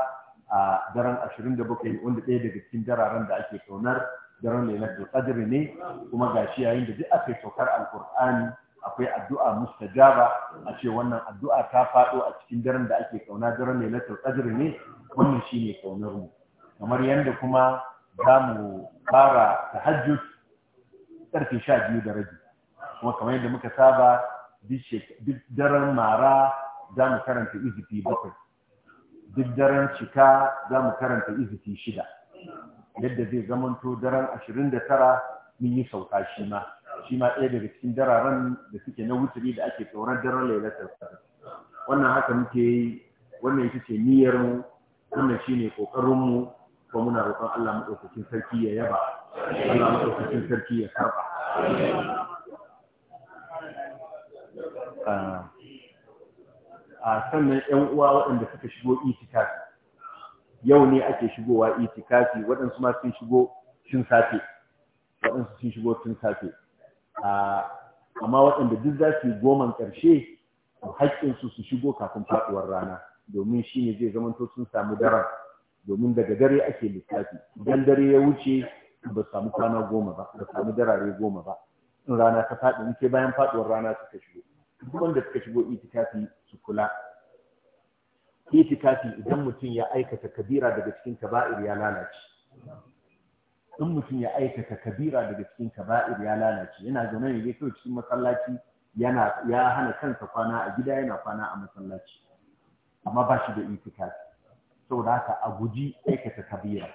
a daren 27 wanda ɗaya daga cikin dararen da ake kaunar daren da tsadiri ne kuma gashi yayin da duk aka saukar alkur'ani akwai addu'a mustajaba a ce wannan addu'a ta faɗo a cikin daren da ake kauna daren da tsadiri ne wannan ne kaunar mu kamar yadda kuma za mu fara tahajjud karfe 12 da rabi kuma kamar yadda muka saba duk daren mara za mu karanta izifi bakwai duk daren cika za mu karanta izifi shida yadda zai zamanto daren ashirin da tara mun yi sauka shi ma shi ma ɗaya daga cikin dararen da suke na wuturi da ake tsoron daren lailatar sadar wannan haka muke yi wannan ita ce niyyarmu wannan shi ne ƙoƙarinmu kuma muna roƙon Allah maɗaukakin sarki ya yaba Allah maɗaukakin sarki ya karɓa a sannan ‘yan uwa waɗanda suka shigo itikafi yau ne ake shigowa itikafi waɗansu ma sun shigo tun safe waɗansu sun shigo tun safe amma waɗanda duk za su goman ƙarshe haƙƙinsu su shigo kafin faɗuwar rana domin shi ne zai zamanto sun samu daren domin daga dare ake lissafi idan dare ya wuce ba samu kwana goma ba ba samu darare goma ba in rana ta faɗi in ke bayan faɗuwar rana suka shigo duk wanda suka shigo itikafi su kula itikafi idan mutum ya aikata kabira daga cikin kaba'ir ya lalace in mutum ya aikata kabira daga cikin kaba'ir ya lalace yana zaune ne kawai cikin masallaci ya hana kansa kwana a gida yana kwana a masallaci amma ba shi da itikafi saboda haka a guji aikata kabira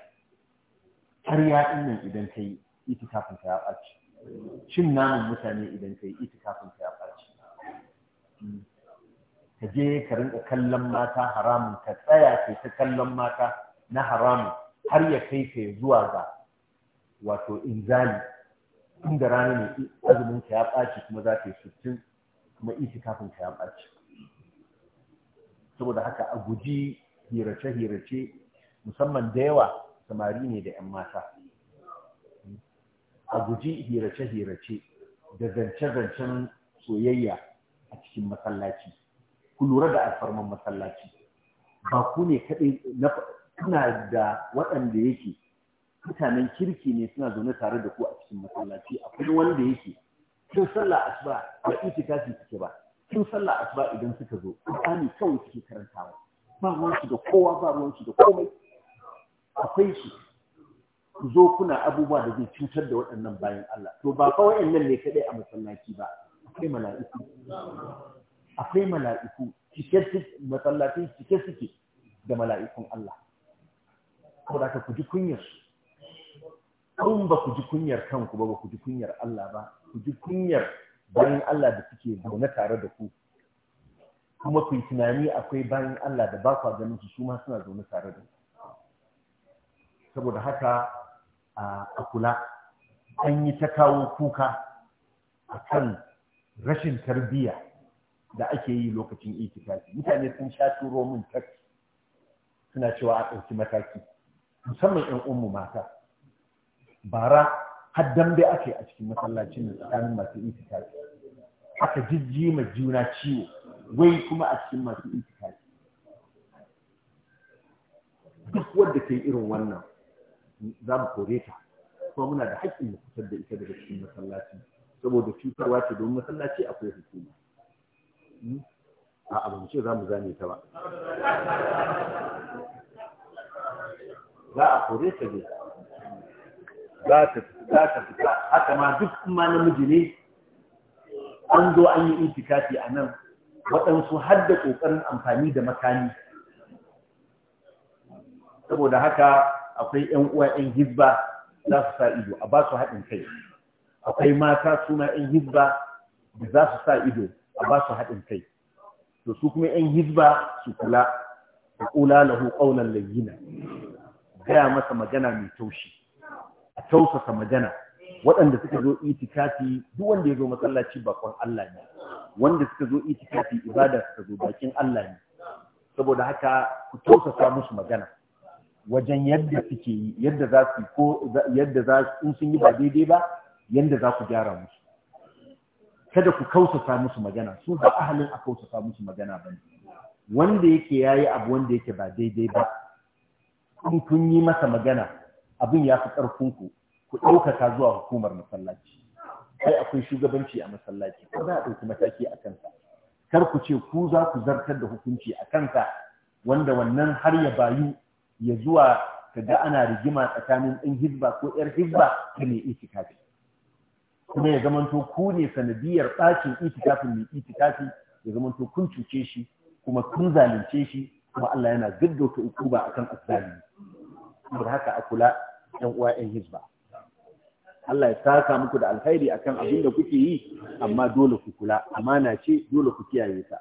har ya nan idan kai itikafin ta ya ɓace. cin namun mutane idan kai itikafin ta ya ka je ka rinka kallon mata haramun ka tsaya kai ta kallon mata na haramun har ya kai ka zuwa ga wato inzali inda rana ne azumin ka ya ɓaci kuma za ka yi sittin kuma iti kafin ka ya ɓaci saboda haka a guji hirace-hirace musamman da yawa samari ne da 'yan mata a guji hirace-hirace da zance-zancen soyayya a cikin masallaci ku lura da alfarman masallaci ba ku ne kaɗai kuna da waɗanda yake mutanen kirki ne suna zaune tare da ku a cikin masallaci akwai wanda yake Kin sallah asuba ba itikafi suke ba Kin sallah asuba idan suka zo kuma kawai suke karantawa ba ruwansu da kowa ba ruwansu da komai akwai shi ku zo kuna abubuwa da zai cutar da waɗannan bayan Allah to ba kawai ne kadai a masallaci ba akwai mala'iku akwai mala'iku cike matsalatin cike suke da mala'ikun Allah saboda ka ku ji kunyar kun ba ku ji kunyar kanku ba ba ku ji kunyar Allah ba ku ji kunyar bayan Allah da suke zaune tare da ku kuma ku yi tunani akwai bayan Allah da ba ku ganin su su ma suna zaune tare da ku saboda haka a kula an yi ta kawo kuka a kan rashin tarbiyya da ake yi lokacin itikafi mutane sun sha turo min taksi suna cewa a ɗauki mataki musamman 'yan ummu mata bara har dambe ake a cikin masallacin da tsakanin masu itikafi aka jijji ma juna ciwo wai kuma a cikin masu itikafi duk wanda ke irin wannan za mu kore ta kuma muna da haƙƙin mu fitar da ita daga cikin masallacin saboda cutarwa ce domin masallaci akwai hukuma hmm? a abin ce za mu zane ta ba za a kore ta ne za ta fita ta fita haka ma duk kuma namiji ne an zo an yi itikafi a nan waɗansu hadda ƙoƙarin amfani da makami saboda haka akwai 'yan uwa 'yan gizba za su sa ido a ba su haɗin kai akwai mata suna yan hizba da za su sa ido a ba su haɗin kai to su kuma yan hizba su kula da kula lahu qawlan layyina gaya masa magana mai taushi a tausasa magana waɗanda suka zo itikafi duk wanda ya zo masallaci bakon Allah ne wanda suka zo itikafi ibada suka zo bakin Allah ne saboda haka ku tausasa musu magana wajen yadda suke yi yadda za su ko yadda za su yi ba daidai ba yanda za ku gyara musu kada ku kausasa musu magana su ba ahalin a kausasa musu magana ba wanda yake yayi abu wanda yake ba daidai ba in kun yi masa magana abin ya fi ƙarfin ku ku ɗaukaka zuwa hukumar masallaci Kai akwai shugabanci a masallaci ko za a ɗauki mataki a kansa kar ku ce ku za ku zartar da hukunci a kansa wanda wannan har ya bayu ya zuwa kaga ana rigima tsakanin ɗan hizba ko ƴar hizba ta mai itikafi kuma ya zamanto ku ne sanadiyar ɗakin itikafin mai itikafi ya zamanto kun cuce shi kuma kun zalunce shi kuma Allah yana gaggauta ba akan azzalimi saboda haka a kula ɗan uwa ɗan Hisba. Allah ya saka muku da alkhairi akan abin da kuke yi amma dole ku kula amana ce dole ku kiyaye ta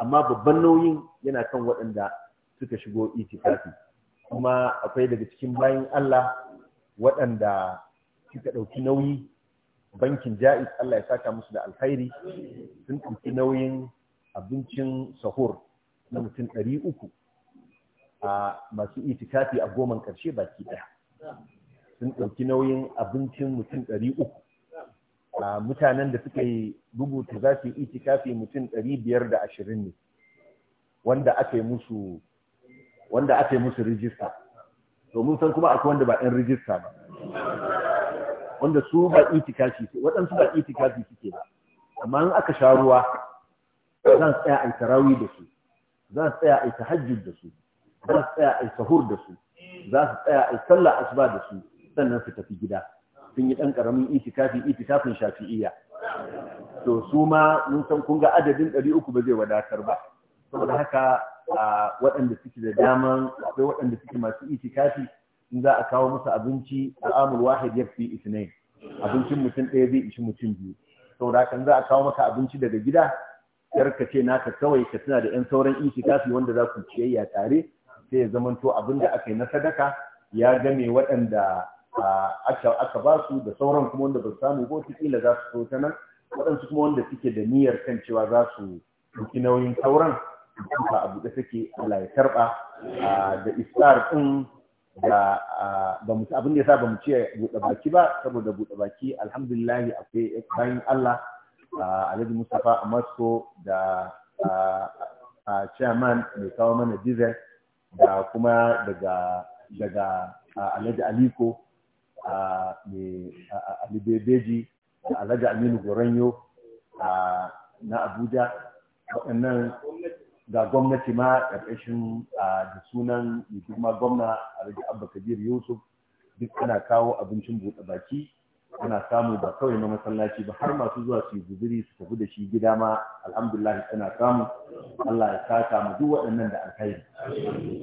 amma babban nauyin yana kan waɗanda suka shigo itikafi kuma akwai daga cikin bayin Allah waɗanda suka ɗauki nauyi bankin Ja'iz Allah ya saka musu da alkhairi sun ɗauki nauyin abincin sahur na mutum ɗari uku a masu itikafi a goman ƙarshe baki ɗaya sun ɗauki nauyin abincin mutum ɗari uku a mutanen da suka yi rubuta za su yi itikafi mutum ɗari biyar da ashirin ne wanda aka yi musu wanda aka yi musu rijista domin san kuma akwai wanda ba ɗan rijista ba wanda su ba itikafi su, waɗansu ba itikafi suke ba amma in aka sha ruwa zan tsaya a tarawi da su zan tsaya a tahajjud da su zan tsaya a sahur da su za su tsaya a sallah asuba da su sannan su tafi gida sun yi ɗan ƙaramin itikafi itikafin shafi'iyya to su ma mun san kun ga adadin ɗari uku ba zai wadatar ba saboda haka waɗanda suke da daman akwai waɗanda suke masu itikafi in za a kawo musu abinci amur wahid fi isnain abincin mutum ɗaya zai ishi mutum biyu da kan za a kawo maka abinci daga gida yar ka ce naka kawai ka tuna da yan sauran ishi kafi wanda za ku ciyayya tare sai ya zamanto abin da aka yi na sadaka ya game waɗanda aka ba su da sauran kuma wanda ba su samu ko kila za su so ta nan waɗansu kuma wanda suke da niyyar kan cewa za su ɗauki nauyin sauran ba abu da take Allah ya karɓa da isar ɗin da ba mu abin da yasa ba mu ce buɗe baki ba saboda buɗe baki alhamdulillah akwai bayan Allah Alhaji Mustapha Amasko da a chairman mai kawo mana diesel da kuma daga daga Alhaji Aliko mai Alibebeji da Alhaji Aminu Goranyo na Abuja waɗannan ga gwamnati ma ƙarƙashin da sunan kuma gwamna rage abba kabir yusuf duk ana kawo abincin buɗe baki ana samu ba kawai na masallaci ba har masu zuwa su yi guzuri su tafi da shi gida ma alhamdulillah ana samu Allah ya saka mu duk waɗannan da alkhairi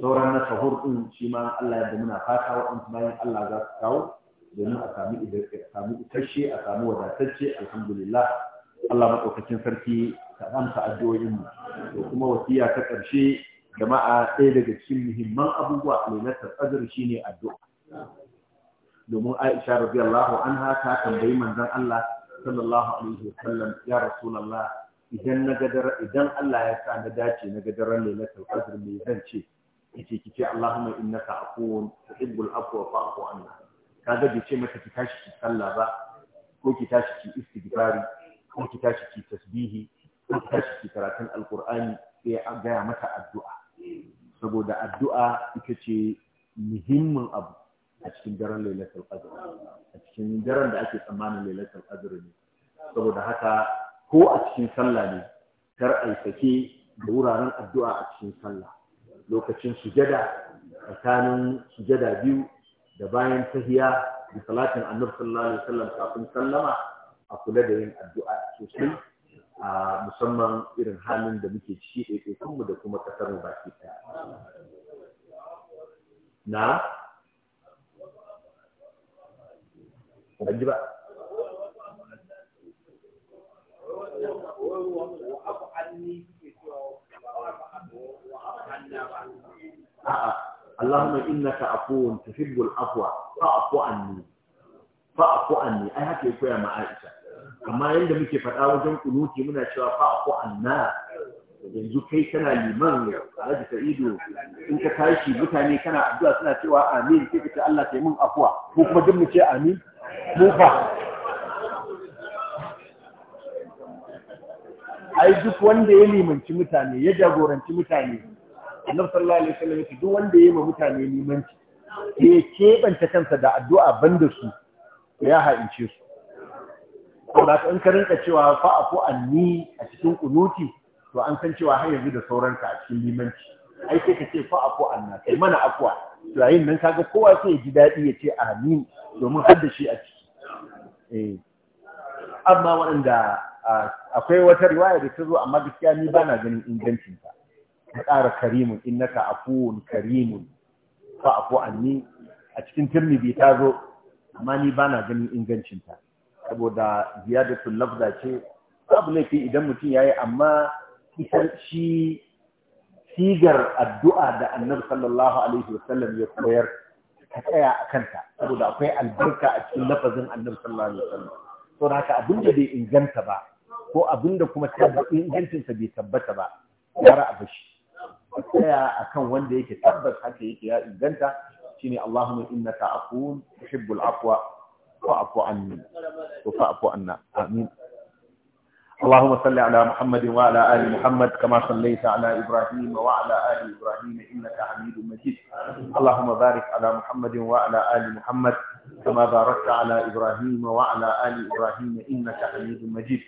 sauran na sahur din shi ma Allah ya muna fata waɗansu bayan Allah za su kawo domin a samu isasshe a samu wadatacce alhamdulillah Allah maɗaukacin sarki ka amsa addu'o'in mu to kuma wasiya ta ƙarshe jama'a ɗaya daga cikin muhimman abubuwa a lailatar shi shine addu'a domin Aisha radiyallahu anha ta tambayi manzon Allah sallallahu alaihi ya rasulullah idan na idan Allah ya sa na dace na ga daren lailatul me zan ce yace ki ce Allahumma innaka afuwun tuhibbul afwa fa'fu anna kaga bai ce mata ki tashi ki sallah ba ko ki tashi ki istighfari ko ki tashi ki tasbihi tashi karatun alkur'ani sai a gaya mata addu'a saboda addu'a ita ce muhimmin abu a cikin daren lailatul qadr a cikin daren da ake tsammanin lailatul qadr ne saboda haka ko a cikin sallah ne kar ai sake da wuraren addu'a a cikin sallah lokacin sujada tsakanin sujada biyu da bayan tahiya da salatin annabi sallallahu alaihi wasallam kafin sallama a kula da yin addu'a sosai a musamman irin halin da muke ciki ɗaiɗaikunmu da kuma ƙasar mu baki Na? Ranji ba. Allahumma innaka afuwun tuhibbul afwa fa afu anni fa afu anni ai haka yake koya ma Aisha amma yadda muke faɗa wajen kunuti muna cewa fa ko anna yanzu kai kana liman alhaji ido. in ka tashi mutane kana addu'a suna cewa amin sai ka Allah yi mun afuwa ko kuma duk mu ce amin mu fa ai duk wanda ya limanci mutane ya jagoranci mutane annabi sallallahu alaihi wasallam ya duk wanda ya yi ma mutane limanci ya keɓanta kansa da addu'a banda su ya ha'ince su kuma in ka rinka cewa fa aku anni a cikin kunuti to an san cewa har yanzu da sauranka a cikin limanci ai sai ka ce fa aku anna kai mana akwa to yayin nan kaga kowa sai ya ji dadi ya ce amin domin har da shi a ciki eh amma waɗanda akwai wata riwaya da ta zo amma gaskiya ni ba na ganin ingancin ta ka ƙara karimun innaka afuwun karimun fa aku anni a cikin tirmidhi ta zo amma ni ba na ganin ingancin ta saboda ziyadatul lafza ce babu laifi idan mutum yayi amma ita shi sigar addu'a da annabi sallallahu alaihi wasallam ya koyar ka tsaya a kanta saboda akwai albarka a cikin lafazin annabi sallallahu alaihi wasallam haka abin da bai inganta ba ko abin kuma ingancinsa bai tabbata ba gara a bashi tsaya a kan wanda yake tabbas haka yake ya inganta shine Allahumma innaka afuwun tuhibbul afwa فاعف عني وفاعف عنا آمين اللهم صل على محمد وعلى آل محمد كما صليت على إبراهيم وعلى آل إبراهيم إنك حميد مجيد اللهم بارك على محمد وعلى آل محمد كما باركت على إبراهيم وعلى آل إبراهيم إنك حميد مجيد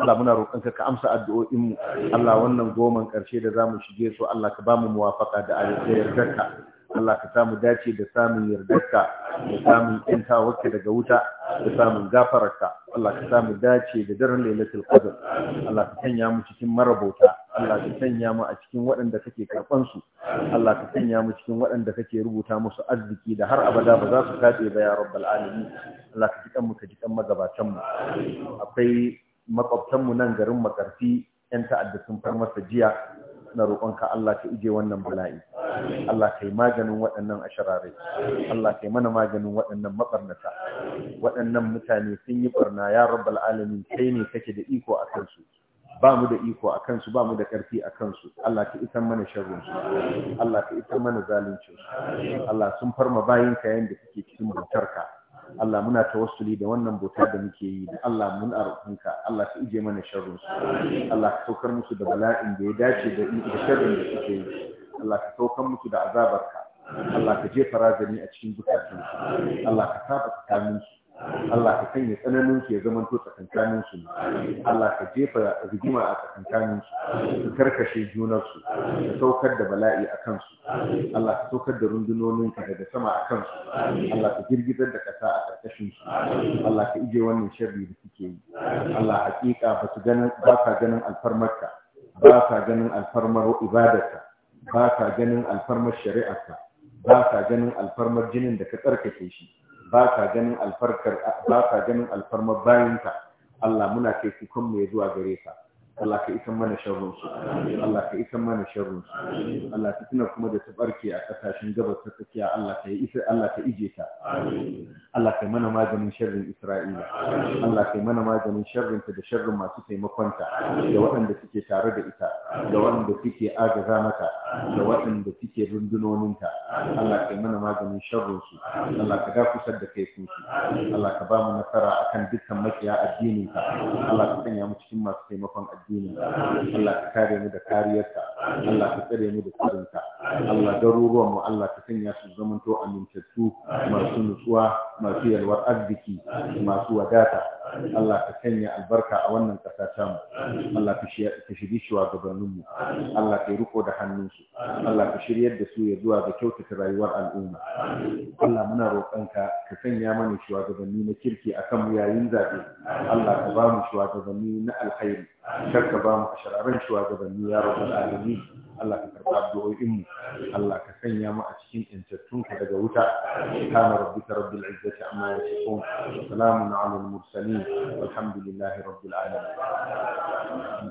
Allah muna roƙonka ka amsa addu'o'inmu Allah wannan goman ƙarshe da zamu shige su Allah ka bamu muwafaka da alheri Allah ka samu dace da samun yardarka da samun yantawarka daga wuta da samun gafararka Allah ka samu dace da daren lailatul qadr Allah ka sanya mu cikin marabauta Allah ka sanya mu a cikin waɗanda kake karɓan su Allah ka sanya mu cikin waɗanda kake rubuta musu arziki da har abada ba za su kaɗe ba ya rabbal alamin Allah ka ji mu ka ji magabatan mu akwai makwabtan mu nan garin makarfi yan ta'adda sun far masa jiya na roƙonka Allah ka ije wannan bala'i Allah ka yi maganin waɗannan asharare Allah ka yi mana maganin waɗannan maɓarnata waɗannan mutane sun yi ɓarna ya rabbal alamin kai ne kake da iko a kansu ba mu da iko a kansu ba mu da ƙarfi a kansu Allah ka isan mana su Allah ka isan mana su Allah sun farma bayinka yayin da kake cikin bautarka Allah muna tawassuli da wannan bauta da muke yi da Allah mun arhunka Allah ka ije mana sharrin su Allah ka saukar musu da bala'in da ya dace da sharrin da suke yi Allah ka saukar musu da azabarka Allah ka jefa razani a cikin zukatansu Allah ka saba tsakaninsu Allah ka sanya tsananin su ya zamanto tsakankanin su Allah ka jefa rigima a tsakankanin su su karkashe junar su ka saukar da bala'i a kansu Allah ka saukar da rundunonin ka daga sama a kansu Allah ka girgizar da kasa a karkashin su Allah ka ije wannan sharri da suke yi Allah hakika ba su ganin ba ka ganin alfarmarka ba ka ganin alfarmar ibadarka ba ka ganin alfarmar shari'arka ba ka ganin alfarmar jinin da ka tsarkake shi ba ka ganin alfarkar ba ka ganin alfarmar bayinka Allah muna kai kukan mai zuwa gare ka Allah ka isan mana sharrun su Allah ka isan mana sharrun su Allah ka tunar kuma da ta barke a kasashen gabas ta tsakiya Allah ka isa Allah ka ije ta Allah ka mana maganin sharrin Isra'ila Allah ka mana maganin sharrin ta da sharrin masu taimakon ta da waɗanda suke tare da ita da waɗanda suke agaza mata da waɗanda suke rundunonin ta Allah ka mana maganin sharrin su Allah ka ga kusar da kai su Allah ka ba mu nasara akan dukkan makiya addinin ka Allah ka sanya mu cikin masu taimakon addini addini Allah ka kare mu da kariyarsa Allah ka tsare mu da tsarinka Allah garuruwan mu Allah ka sanya su zamanto amintattu masu nutsuwa masu yalwar arziki masu wadata Allah ka sanya albarka a wannan ƙasa ta mu Allah ka shiri shugabannin mu Allah ka riko da hannunsu Allah ka shiryar da su ya zuwa ga kyautata rayuwar al'umma Allah muna roƙonka ka sanya mana shugabanni na kirki akan mu yayin zaɓe Allah ka ba mu shugabanni na alkhairi kar ka ba mu shararan shugabanni ya rabbal alamin Allah ka karɓa addu'o'in mu Allah ka sanya mu a cikin intattun ka daga wuta subhana rabbika rabbil izzati amma yasifun salamun ala al mursalin walhamdulillahi rabbil alamin